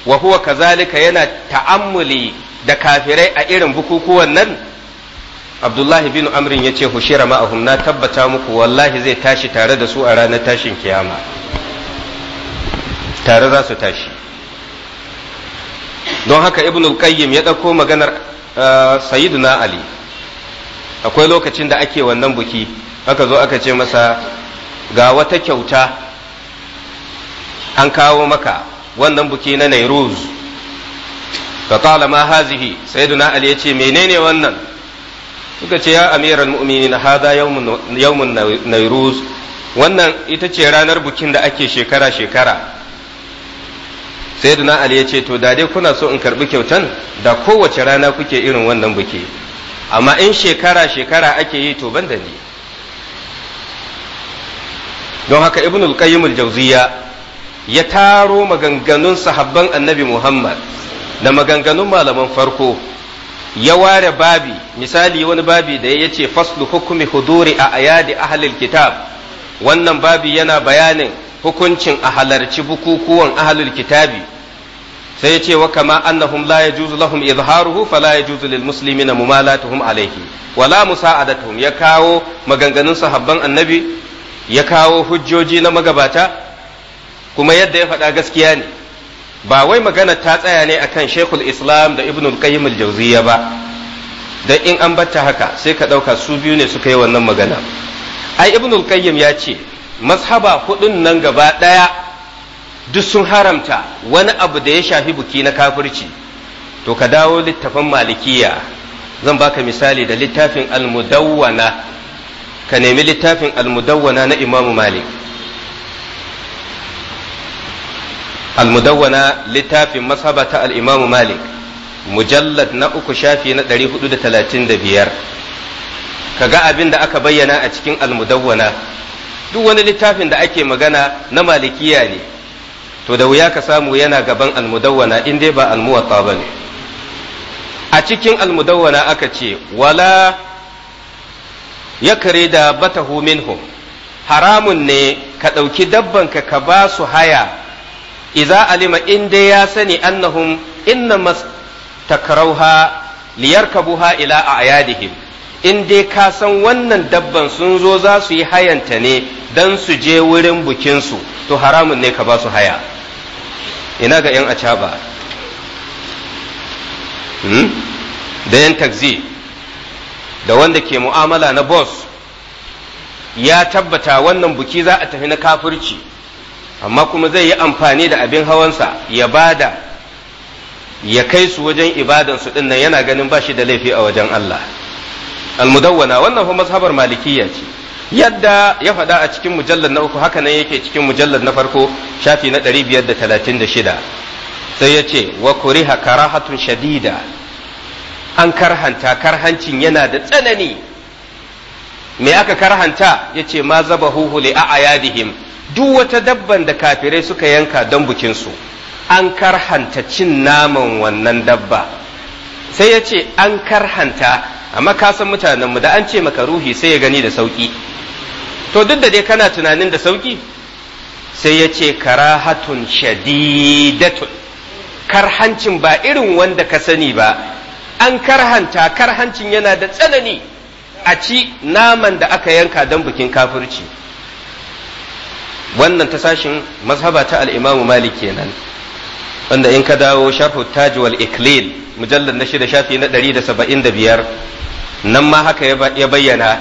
wa huwa kazalika yana ta'ammuli da kafirai a irin bukukuwan nan abdullahi bin amrin ya ce hushira ma'ahum na tabbata muku wallahi zai tashi tare da su a ranar tashin kiyama tare za su tashi don haka ibn qayyim ya ɗauko maganar uh, sayyiduna ali akwai lokacin da ake wannan buki aka zo aka ce masa ga wata kyauta an kawo maka wannan buki na nairuz fa qala ma hazihi sayyiduna ali yace menene wannan suka ce ya amiral mu'minin hada yawmun yawmun nairuz wannan ita ce ranar bukin da ake shekara shekara sayyiduna ali yace to da dai kuna so in karbi kyautan da kowace rana kuke irin wannan buki amma in shekara shekara ake yi to ban da ni don haka ibn al-qayyim al-jawziya ya taro maganganun sahabban annabi muhammad da maganganun malaman farko ya ware babi misali wani babi da ya ce faslu hukumi huduri a ayadi ahalil kitab wannan babi yana bayanin hukuncin a halarci bukukuwan ahalul kitabi sai ya ce wa kama annahum la yajuzu lahum izharuhu fala yajuzu lil muslimina mumalatuhum alayhi wala musa'adatuhum ya kawo maganganun sahabban annabi ya kawo hujjoji na magabata kuma yadda ya faɗa gaskiya ne ba wai magana ta tsaya ne akan shekul islam da ibnul qayyim al Jauziya ba dan in an batta haka sai ka ɗauka su biyu ne suka yi wannan magana ai ibnul qayyim ya ce mazhaba hudun nan gaba ɗaya duk sun haramta wani abu da ya shafi buki na kafirci to ka dawo littafin malikiya zan baka misali da littafin al-mudawwana ka nemi littafin almudawwana na imamu malik almudawwana littafin masaba ta al'imamu malik mujallad na uku shafi na 435 kaga abin da aka bayyana a cikin almudawwana duk wani littafin da ake magana na malikiya ne to da wuya ka samu yana gaban almudawwana in dai ba almuwatta ba ne a cikin almudawwana aka ce wala ya kare da batahu minhum haramun ne ka ɗauki dabban ka ba su haya iza alima in dai ya sani annahum inna ka buha ila a a'yadihim in dai ka san wannan dabban sun zo za su yi hayanta ne don su je wurin bukinsu to haramun ne ka ba su haya ina ga 'yan acaba hmm? da 'yan takzi da wanda ke mu'amala na boss ya tabbata wannan buki za a tafi na kafirci amma kuma zai yi amfani da abin hawansa ya bada ya kai su wajen ibadansu ɗin nan yana ganin ba shi da laifi a wajen Allah almudawwana wannan fa mazhabar malikiyya ce yadda ya faɗa a cikin mujallar na uku haka nan yake cikin mujallar na farko shafi na 536 sai ya ce wa kuriha karahatun shadida an karhanta karhancin yana da tsanani me aka karhanta ya ce ma zaba huhuli a ayadihim duk wata dabban da kafirai suka yanka don bukinsu an karhanta cin naman wannan dabba sai ya ce an karhanta amma ka san mutanenmu da an ce maka ruhi sai ya gani da sauki to duk da dai kana tunanin da sauki sai ya ce karahatun shadidatun karhancin ba irin wanda ka sani ba an karhanta karhancin yana da tsanani a ci naman da aka yanka don bikin kafirci wannan ta sashin mazhaba ta al'imamu malik kenan wanda in ka dawo sharhu tajiwal iklil mujallar na shida shafi na ɗari da saba'in da biyar nan ma haka ya bayyana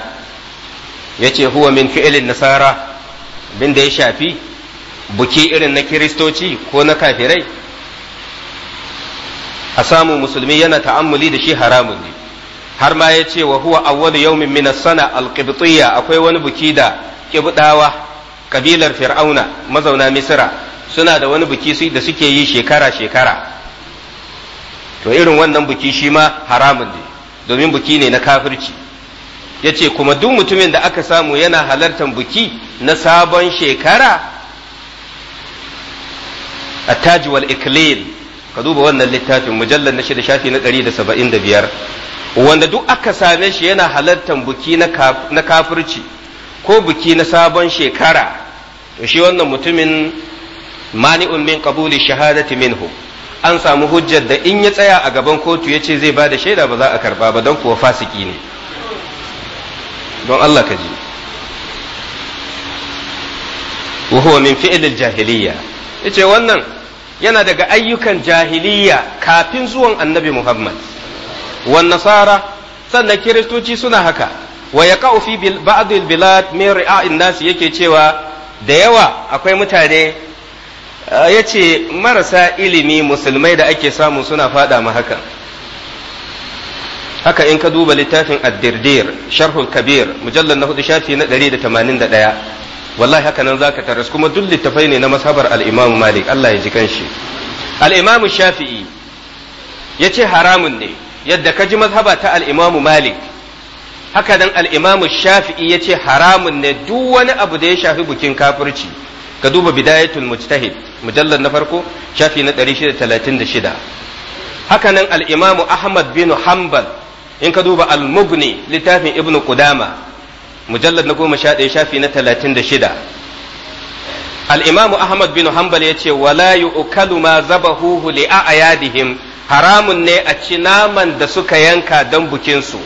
ya ce huwa min fi'ilin nasara binda ya shafi buki irin na kiristoci ko na kafirai a samu musulmi yana ta'ammuli da shi haramun ne har ma ya ce wa huwa awwalu yawmin min as-sana al akwai wani buki da kibdawa kabilar fir'auna mazauna misra suna da wani buki da suke yi shekara shekara to irin wannan buki shi ma haramun ne domin buki ne na kafirci ya ce kuma duk mutumin da aka samu yana halartar buki na sabon shekara attaji wal iklil ka duba wannan littafin mujallar na shida shafi na ɗari da saba'in da biyar wanda duk aka same shi yana halartar buki na kafirci ko buki na sabon shekara to shi wannan mutumin mani min qabuli shahadati minhu an samu hujjar da in ya tsaya a gaban kotu ya ce zai ba da shaida ba za a karba ba don kuwa fasiki ne don Allah ka ji wa huwa min al jahiliya yace wannan yana daga ayyukan jahiliya kafin zuwan annabi Muhammad wan nasara sannan kiristoci suna haka wa yaqa'u fi ba'd bilad min ri'a'in nas yake cewa da yawa akwai mutane uh, yace marasa ilimi musulmai da ake samu suna fada ma haka haka in ka duba littafin ad-dirdir sharhul kabir mujallal na hudu shafi na 181 wallahi haka nan zaka taras kuma duk littafai ne na masabar al-Imam Malik Allah ya ji kanshi al-Imam Shafi'i yace haramun ne yadda ka ji mazhaba ta al-Imam Malik haka nan al-Imam Shafi'i yace haramun ne duk wani abu da ya shafi bukin kafirci ka duba bidayatul mujtahid mujallad na farko Shafi'i na 636 haka nan al-Imam Ahmad bin Hanbal in ka duba al-Mughni littafin Ibn Qudama mujallad na goma sha ɗaya shafi na talatin da shida al'imamu ahmad bin hambal ya ce wala yu'kalu ma zabahuhu li a'yadihim haramun ne a ci naman da suka yanka don bukinsu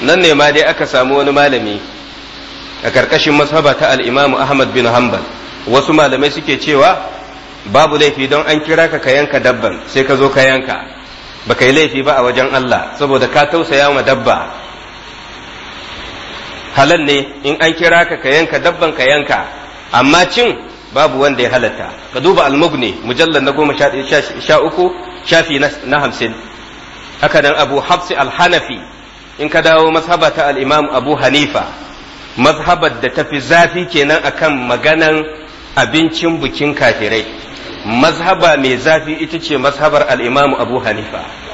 nan ne ma dai aka samu wani malami a ƙarƙashin mazhaba ta al'imamu ahmad bin hambal wasu malamai suke cewa babu laifi don an kira ka ka yanka dabban sai ka zo ka yanka ba ka yi laifi ba a wajen Allah saboda ka tausaya ma dabba halal ne in an kira ka ka yanka dabban ka yanka amma cin babu wanda ya halatta ka duba almugni mujallar na goma sha uku shafi na hamsin haka nan abu hafsi alhanafi in ka dawo mazhaba ta al'imam abu hanifa mazhabar da ta fi zafi kenan akan maganan abincin bukin kafirai mazhaba mai zafi ita ce mazhabar al'imam abu hanifa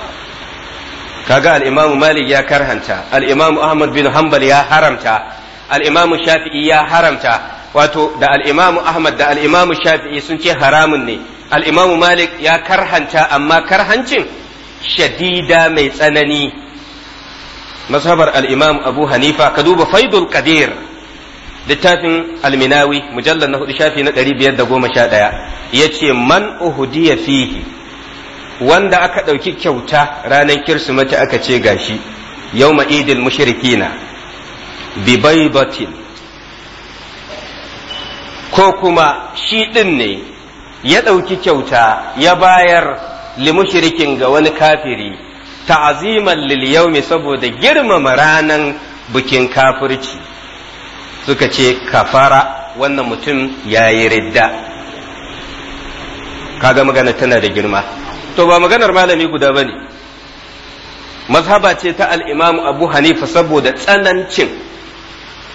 kaga al'imamu malik ya karhanta al'imamu ahmad bin hanbal ya haramta al'imamu shafi'i ya haramta wato da al'imamu ahmad da al'imamu shafi'i sun ce haramun ne al malik ya karhanta amma karhancin shadida mai tsanani mazhabar al'imam abu hanifa ka duba faidul qadir littafin alminawi mujallar na hudu shafi na ɗari biyar da goma sha ɗaya ya ce man uhudiya fihi wanda aka ɗauki kyauta ranar kirsimati aka ce gashi yau idil mushrikina bi ko kuma shi ɗin ne ya ɗauki kyauta ya bayar limushirikin ga wani kafiri ta'aziman lil yaumi saboda girmama ranan bikin kafirci suka ce kafara wannan mutum ya yi ridda kaga magana tana da girma to ba maganar malami guda ba ne mazhaba ce ta al'imamu abu hanifa saboda tsanancin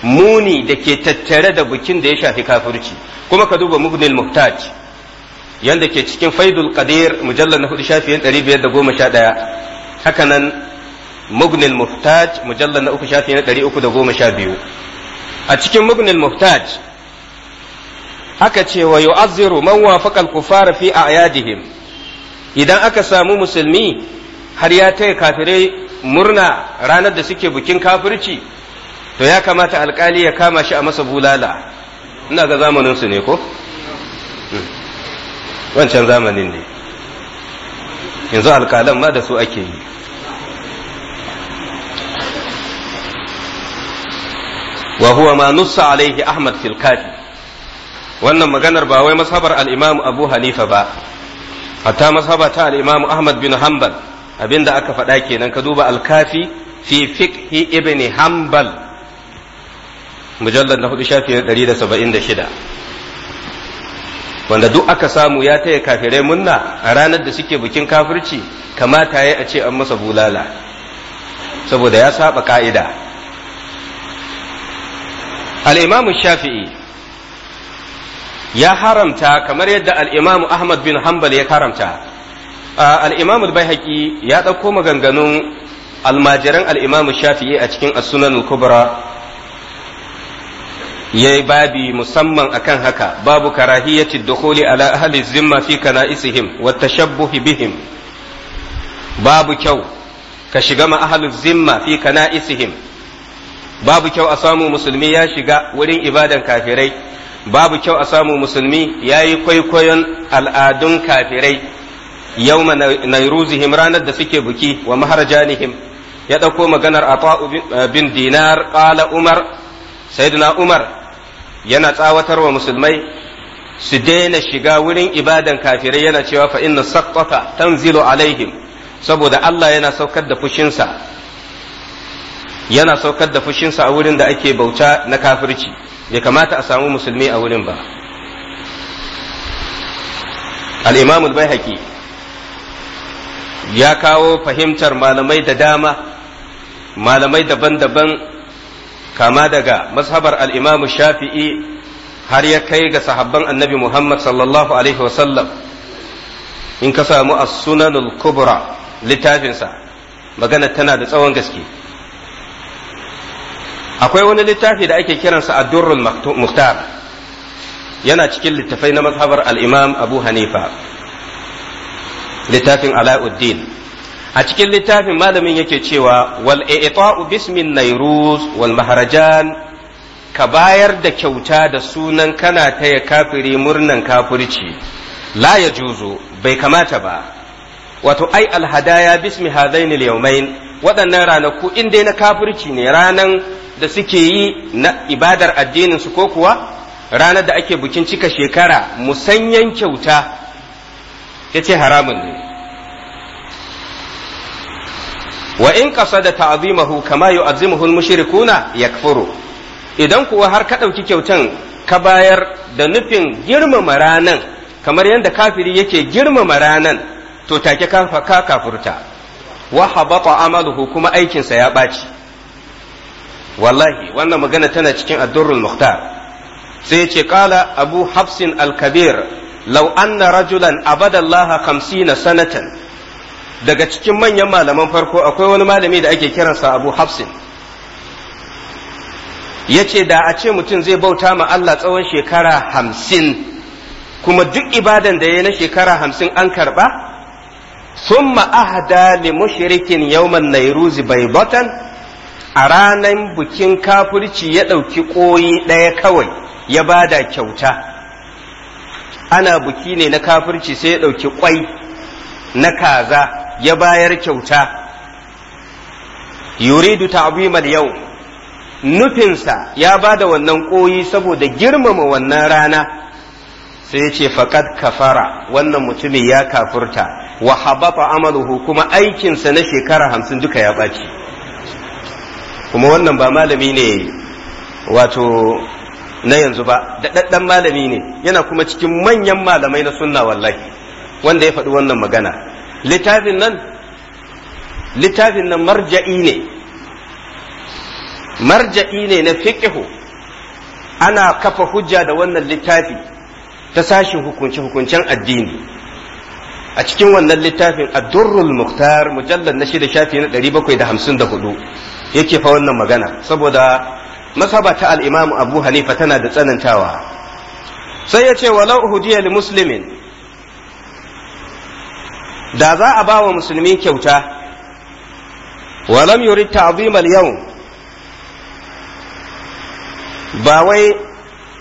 muni da ke tattare da bikin da ya shafi kafirci kuma ka duba mughnil muhtaj yanda ke cikin faidul qadir mujallar na hudu shafiyan ɗari biyar da goma sha ɗaya Haka nan, mughnil muhtaj mujallar na uku shafiyan ɗari uku da goma sha biyu a cikin mughnil muhtaj haka ce wa yu'azziru man wafaqa al-kuffara fi a'yadihim idan aka samu musulmi har ya taya kafirai murna ranar da suke bukin kafirci to ya kamata alkali ya kama shi a masa bulala ina ga zamaninsu ne ko hmm. wancan zamanin ne yanzu alkalan ma da su ake yi wa huwa ma nussa alaihi ahmad fil wannan maganar ba wai mashabar al abu hanifa ba hatta mazhaba ta al-imam ahmad bin hanbal abinda aka faɗa kenan ka duba al-kafi fi fiqhi ibn hanbal mujallad na hudu shafi na 176 wanda duk aka samu ya taya kafirai munna a ranar da suke bikin kafirci kamata ya a ce an masa bulala saboda ya saba ka'ida al-imam shafi'i ya haramta kamar yadda al'imamu Ahmad bin Hanbal ya haramta. Al'imamu Baihaqi ya ɗauko maganganun almajiran al'imamu Shafi'i a cikin as-sunan kubra Yai babi musamman akan haka babu karahiyati dukhuli ala ahli zimma fi kana'isihim wa tashabbuhi bihim babu kyau ka shiga ma ahli zimma fi kana'isihim babu kyau a samu musulmi ya shiga wurin ibadan kafirai babu kyau a samu musulmi ya yi kwaikwayon al'adun kafirai yau nairuzihim ranar da suke buki wa maharajanihim ya ɗauko maganar a eh, bin dinar ƙala umar sayyidina umar yana tsawatar wa musulmai su daina shiga wurin ibadan kafirai yana cewa fa inna saqqata tanzilu alaihim saboda Allah yana saukar da fushinsa yana saukar da fushinsa a wurin da ake bauta na kafirci bai kamata a samu musulmi a wurin ba al-imam al ya kawo fahimtar malamai da dama malamai daban-daban kama daga mazhabar al shafi'i har ya kai ga sahabban annabi Muhammad sallallahu Alaihi wasallam in ka samu as-sunanul kubra littafinsa magana tana da tsawon gaske akwai wani littafi da ake kiransa ad-durrul muhtar yana cikin littafai na mazhabar al abu hanifa littafin ala'uddin a cikin littafin malamin yake cewa wal i'ta'u bismin nairuz wal maharajan ka bayar da kyauta da sunan kana taya kafiri murnan kafirci la ya juzo bai kamata ba wato ai alhadaya bismi hadaini yaumain waɗannan ranaku in dai na kafirci ne ranan da suke yi na ibadar addinin su ko kuwa ranar da ake bukin cika shekara musanyan kyauta yace haramun ne wa in qasada ta'zimahu kama yu'azzimuhu al-mushrikuna yakfuru idan kuwa har ka ɗauki kyautan ka bayar da nufin girmama ranan kamar yadda kafiri yake girmama ranan to take ka kafurta wa habata amaluhu kuma aikinsa ya ɓaci wallahi wannan magana tana cikin addurrul muhtar sai ce kala abu hafsin al-kabir law anna rajulan abada khamsina sanatan daga cikin manyan malaman farko akwai wani malami da ake kiransa abu hafsin ya ce da a ce mutum zai bauta ma Allah tsawon shekara hamsin kuma duk ibadan da ya na shekara hamsin an karba Sun ahda li mushrikin yawman nairuzi baibatan a ranan bikin kafirci ya ɗauki ƙoyi ɗaya kawai ya bada kyauta ana buki ne na kafirci sai ya ɗauki ƙwai na kaza ya bayar kyauta yuridu ta'zimal yau nufinsa ya bada wannan ƙoyi saboda girmama wannan rana sai ya ce faqad kafara wannan mutumin ya kafurta wa habata amaluhu kuma aikinsa na shekara hamsin duka ya ɓaci kuma wannan ba malami ne wato na yanzu ba daɗaɗɗen malami ne yana kuma cikin manyan malamai na sunna wallahi wanda ya faɗi wannan magana littafin nan littafin nan marja'i ne marja'i ne na fiqhu ana kafa hujja da wannan littafi ta sashin hukunci hukuncen addini a cikin wannan littafin addurrul muktar mujallar na shida shafi na 754 yake fa wannan magana saboda masaba ta al abu hanifa tana da tsanantawa sai ya ce walau hudiya li da za a ba wa musulmi kyauta walam yuri ta'zim yau, ba wai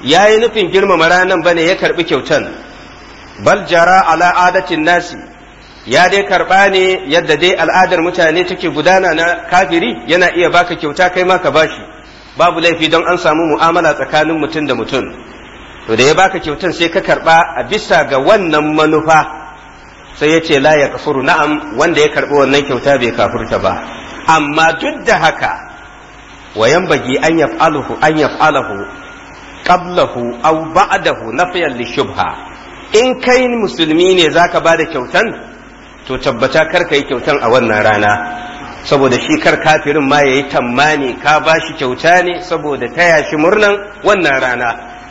ya yi nufin girmama ranar bane ya karɓi kyautan bal jara ala adatin nasi ya dai karɓa ne yadda dai al'adar mutane take gudana na kafiri yana iya baka kyauta kai ma ka bashi babu laifi don an samu mu'amala tsakanin mutum da mutum to da ya baka kyautan sai ka karɓa a bisa ga wannan manufa sai ya ce la ya kafuru na'am wanda ya karɓi wannan kyauta bai kafurta ba amma duk da haka wayan bagi an yaf'aluhu an yaf'aluhu qablahu aw ba'dahu nafiyan li shubha in kai musulmi ne zaka bada kyautan to tabbata kar kai kyautan a wannan rana saboda shi kar kafirin ma yayi tammani ka bashi kyauta ne saboda taya shi murnan wannan rana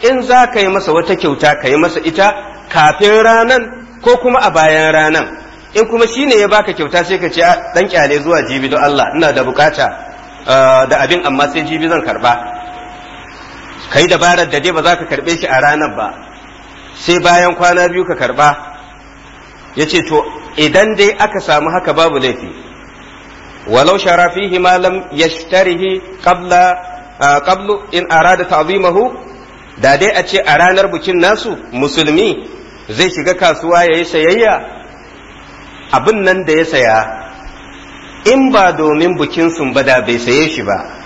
in zaka yi masa wata kyauta ka yi masa ita kafin ranan ko kuma a bayan ranan in kuma shi ne ya baka kyauta sai ka ce dan kyale zuwa jibi don Allah ina da bukata ah, da abin amma sai jibi zan karba kai dabarar da dai ba za ka karɓe shi a ranar ba sai bayan kwana biyu ka karɓa ya ce to idan dai aka samu haka babu laifi walau sharafihi malam ma lam yashtarihi qablu in arada ta'zimahu da dai a ce a ranar bikin nasu musulmi zai shiga kasuwa ya yi sayayya abin nan da ya saya in ba domin bikin sun ba bai saye shi ba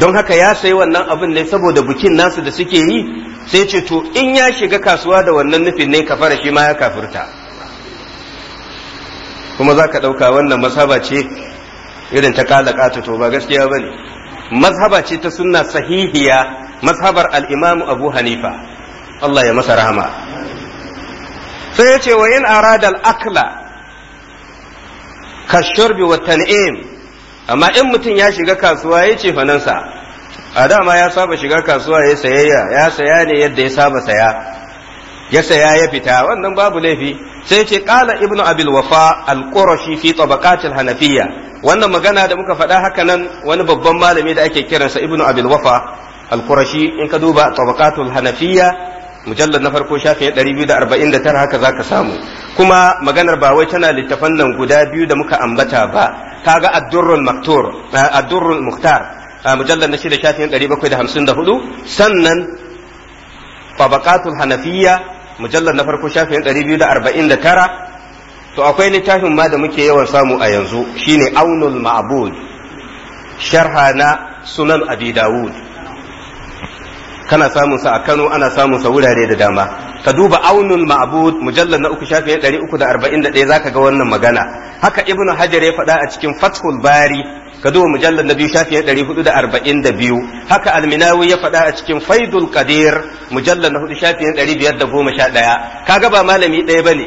don haka ya sayi wannan abin ne saboda bikin nasu da suke yi sai ce to in ya shiga kasuwa da wannan nufin ne kafara shi ma ya kafirta kuma za ka ɗauka wannan mazhaba ce irin ta kalaka to ba gaskiya ba ne mazhaba ce ta sunna sahihiya mazhabar al'imamu abu hanifa Allah ya masa rahama sai ya ce wa yin arada akla. ka shurbi wa tan'im amma in mutum ya shiga kasuwa ya ce fanansa a dama ya saba shiga kasuwa ya sayayya ya saya ne yadda ya saba saya ya saya ya fita wannan babu laifi sai ce kala ibnu abil wafa al-qurashi fi tabaqat hanafiya. hanafiyya wannan magana da muka faɗa haka nan wani babban malami da ake kiransa ibnu abil wafa al in ka duba tabaqat hanafiya. hanafiyya mujallar na farko shafin 249 haka za ka samu kuma maganar ba wai tana littafan nan guda biyu da muka ambata ba kaga addurrul maktur eh, addurrul muhtar eh, mujallar na shida shafin 754 sannan tabaqatul hanafiyya mujallar na farko shafin 249 to akwai littafin ma da muke yawan samu a yanzu shine aunul ma'bud sharha na sunan abi dawud kana samun sa a Kano ana samun sa wurare da dama ka duba aunul ma'bud mujallal na uku shafi 341 zaka ga wannan magana haka ibnu hajar ya faɗa a cikin fathul bari ka duba mujallal na biyu shafi 442 haka alminawi ya faɗa a cikin faidul qadir mujallal na hudu shafi 511 kaga ba malami ɗaya bane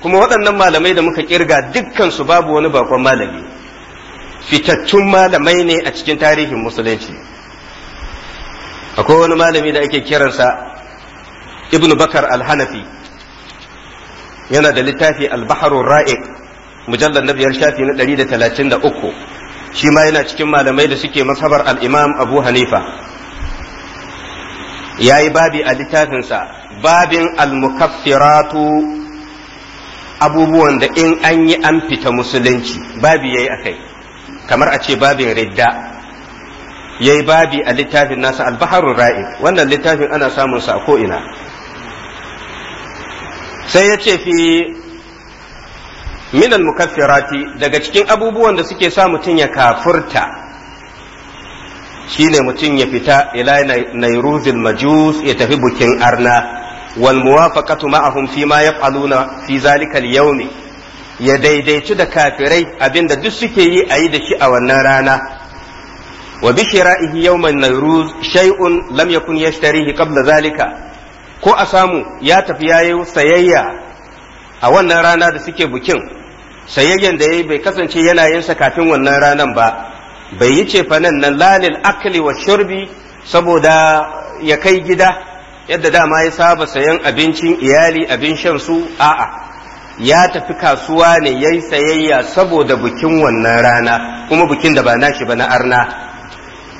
kuma waɗannan malamai da muka kirga dukkan su babu wani bakon malami fitaccun malamai ne a cikin tarihin musulunci akwai wani malami da ake kiransa ibnu bakar al-hanafi yana da littafi al-baharul ra'iq mujallar na biyar shafi na 133 shi ma yana cikin malamai da suke masabar al-imam abu hanifa ya yi babi a littafinsa babin al-mukaffiratu abubuwan da in an yi an fita musulunci babi ya yi a kai kamar a ce babin ridda ya yi babi a littafin nasa al albaharun ra'i wannan littafin ana samun sa a ko'ina sai ya ce fi minal mukaffirati daga cikin abubuwan da suke sa mutum ya kafurta shine mutum ya fita ila nairuzil majus ya tafi bukin arna wal muwafaqatu ma'ahum fi ma yaf'aluna fi zalikal yawmi ya daidaitu da kafirai abinda duk suke yi ayi da shi a wannan rana wa bi shira'ihi yawman nauruz shay'un lam yakun yashtarihi qabla zalika ko a samu ya tafi yayi sayayya a wannan rana da suke bukin sayayyan da yayi bai kasance yana yin sa kafin wannan ranan ba bai yi fa nan lalil akli wa shurbi saboda ya kai gida yadda dama ya saba sayan abincin iyali abin shan su a'a ya tafi kasuwa ne ya yi sayayya saboda bikin wannan rana kuma bikin da ba nashi ba na arna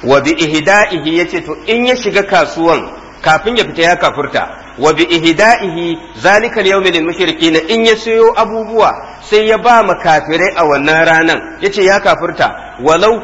wa bi ihda'ihi yace to in ya shiga kasuwan kafin ya fita ya kafurta wa bi ihda'ihi zalikal yawmi lil mushrikin in ya sayo abubuwa sai ya ba makafirai a wannan ranan yace ya kafurta walau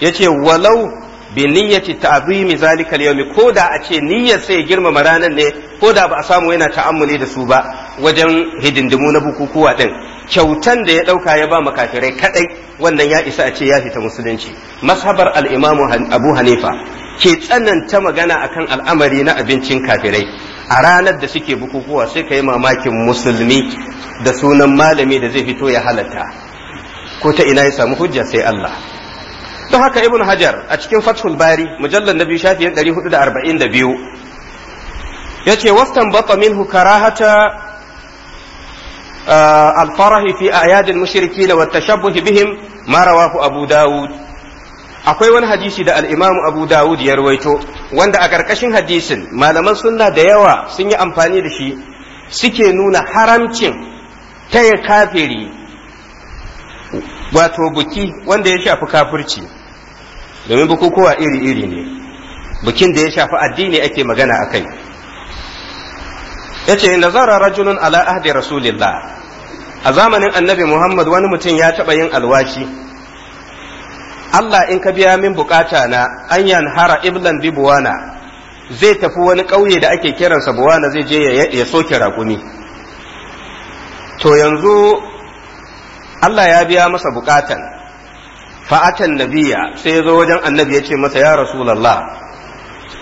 yace walau bi niyyati ta'zimi zalikal yawmi ko da a ce niyyar sai girmama ranar ne ko da ba a samu yana ta'ammuli da su ba wajen hidindimu na bukukuwa din kyautan da ya dauka ya ba makafirai kadai wannan ya isa a ce ya fita musulunci mashabar al-imamu Abu Hanifa ke tsananta magana akan al'amari na abincin kafirai a ranar da suke bukukuwa sai ka yi mamakin musulmi da sunan malami da zai fito ya halatta ko ta ina ya samu hujja sai Allah ta haka ibn hajar a cikin fathul bari mujallar na biyu shafiyan 442 ya ce waftan bata minhu karahata ah, alfarahi fi ayadin mushiriki na wata shabuhi bihim ku abu dawud akwai wani hadisi da al'imamu abu dawud ya rawaito wanda a ƙarƙashin hadisin malaman sunna da yawa sun yi amfani da shi suke nuna haramcin ya kafiri wato buki wanda ya shafi kafirci domin bukukuwa iri-iri ne bikin da ya shafi addini ake magana a kai ya ce nazara rajulun ala ahdi rasulillah a zamanin annabi muhammad wani mutum ya taɓa yin alwashi Allah in ka biya min bukata na an yanhara iblan bi buwana zai tafi wani ƙauye da ake kiransa buwana zai je ya soke raƙumi to yanzu Allah ya biya masa bukatan fa'atan nabiya sai ya zo wajen annabi ya ce masa ya rasulallah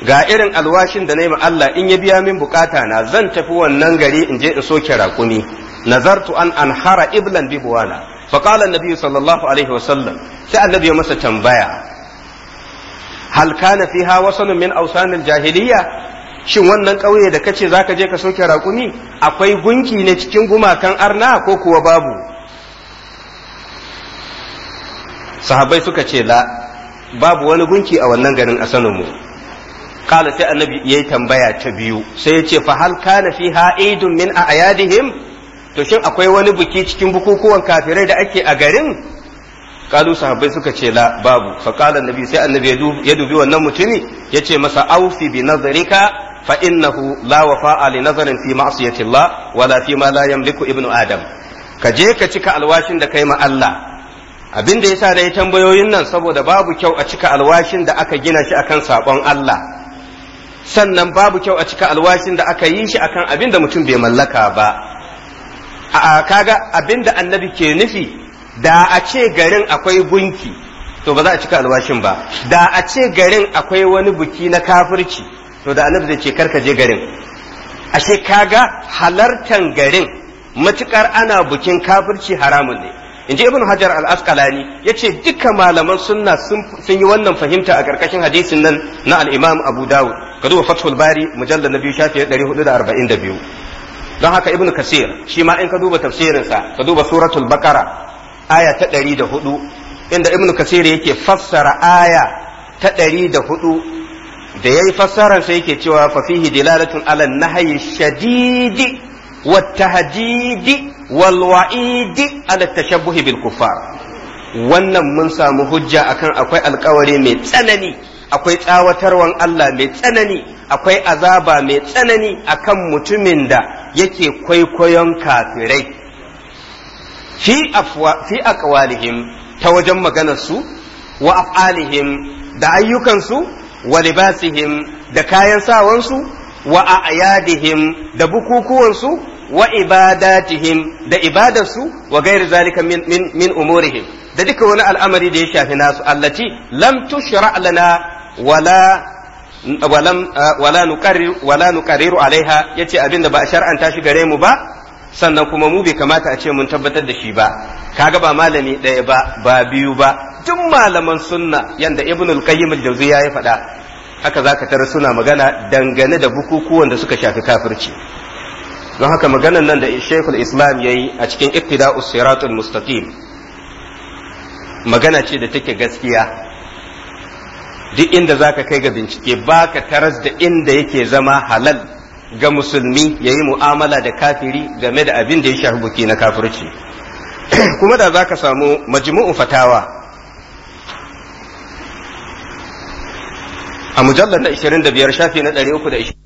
ga irin alwashin da na yi ma Allah in ya biya min bukata na zan tafi wannan gari in je in soke raƙumi nazartu an anhara iblan bihuwana فقال sallallahu alaihi الله عليه sai annabi ya masa tambaya. هل كان فيها وصل من أوسان jahiliya? shin wannan ƙauye da kace zaka je ka soke raƙumi akwai gunki ne cikin gumakan arna ko kuwa babu sahabbai suka ce la babu wani gunki a wannan garin a sanin mu qala sai annabi yayi tambaya ta biyu sai ya ce fa hal kana fi ha'idun min a ayadihim to shin akwai wani buki cikin bukukuwan kafirai da ake a garin kalu sahabbai suka ce la babu fa kala annabi sai annabi ya dubi wannan mutumi ya ce masa aufi bi nazarika fa innahu la wafa'a li nazarin fi ma'siyati Allah wala fi ma la yamliku ibnu adam ka je ka cika alwashin da kai ma Allah abin da yasa dai tambayoyin nan saboda babu kyau a cika alwashin da aka gina shi akan sabon Allah sannan babu kyau a cika alwashin da aka yi shi akan abin da mutum bai mallaka ba a kaga abin da annabi ke nufi da a ce garin akwai gunki to ba za a cika alwashin ba da a ce garin akwai wani buki na kafirci to da annabi zai ce karka je garin ashe kaga halartan garin matukar ana bukin kafirci haramun ne in ji ibn hajar al-asqalani ya ce duka malaman sunna sun yi wannan fahimta a ƙarƙashin hadisin nan na al-imam abu dawud ka duba fathul bari mujallar na biyu shafi 442 don haka ibn kasir shi ma in ka duba tafsirinsa ka duba suratul bakara aya ta 104 inda ibn kasir yake fassara aya ta 104 da yayi fassarar sai yake cewa fa fihi dilalatun ala nahyi shadidi wa tahdidi wal wa'idi ala tashabbuhi bil kufar wannan mun samu hujja akan akwai alkawari mai tsanani akwai tsawatarwan Allah mai tsanani akwai azaba mai tsanani akan mutumin da yake kwaikwayon kafirai fi afwa fi aqwalihim ta wajen maganarsu wa af'alihim da ayyukansu wa libasihim da kayan sawansu wa a'yadihim da bukukuwansu wa ibadatihim da ibadarsu wa gairi zalika min min umurihim da duka wani al'amari da ya shafi nasu allati lam tushra lana wala wala nuqarrir wala nuqarriru alaiha yace abinda ba a shar'anta shi gare mu ba sannan kuma mu bai kamata a ce mun tabbatar da shi ba kaga ba malami ɗaya ba ba biyu ba duk malaman sunna yanda ibnul qayyim al jawziyya ya faɗa haka zaka tara suna magana dangane da bukukuwan da suka shafi kafirci don haka maganan nan da shekul islam ya yi a cikin iftida siratul mustaqim magana ce da take gaskiya duk inda za ka kai ga bincike ba ka taras da inda yake zama halal ga musulmi ya yi mu'amala da kafiri game da abin da ya shafi buki na kafirci kuma da za ka samu majmu'u fatawa a mujallar na 25 shafi na 320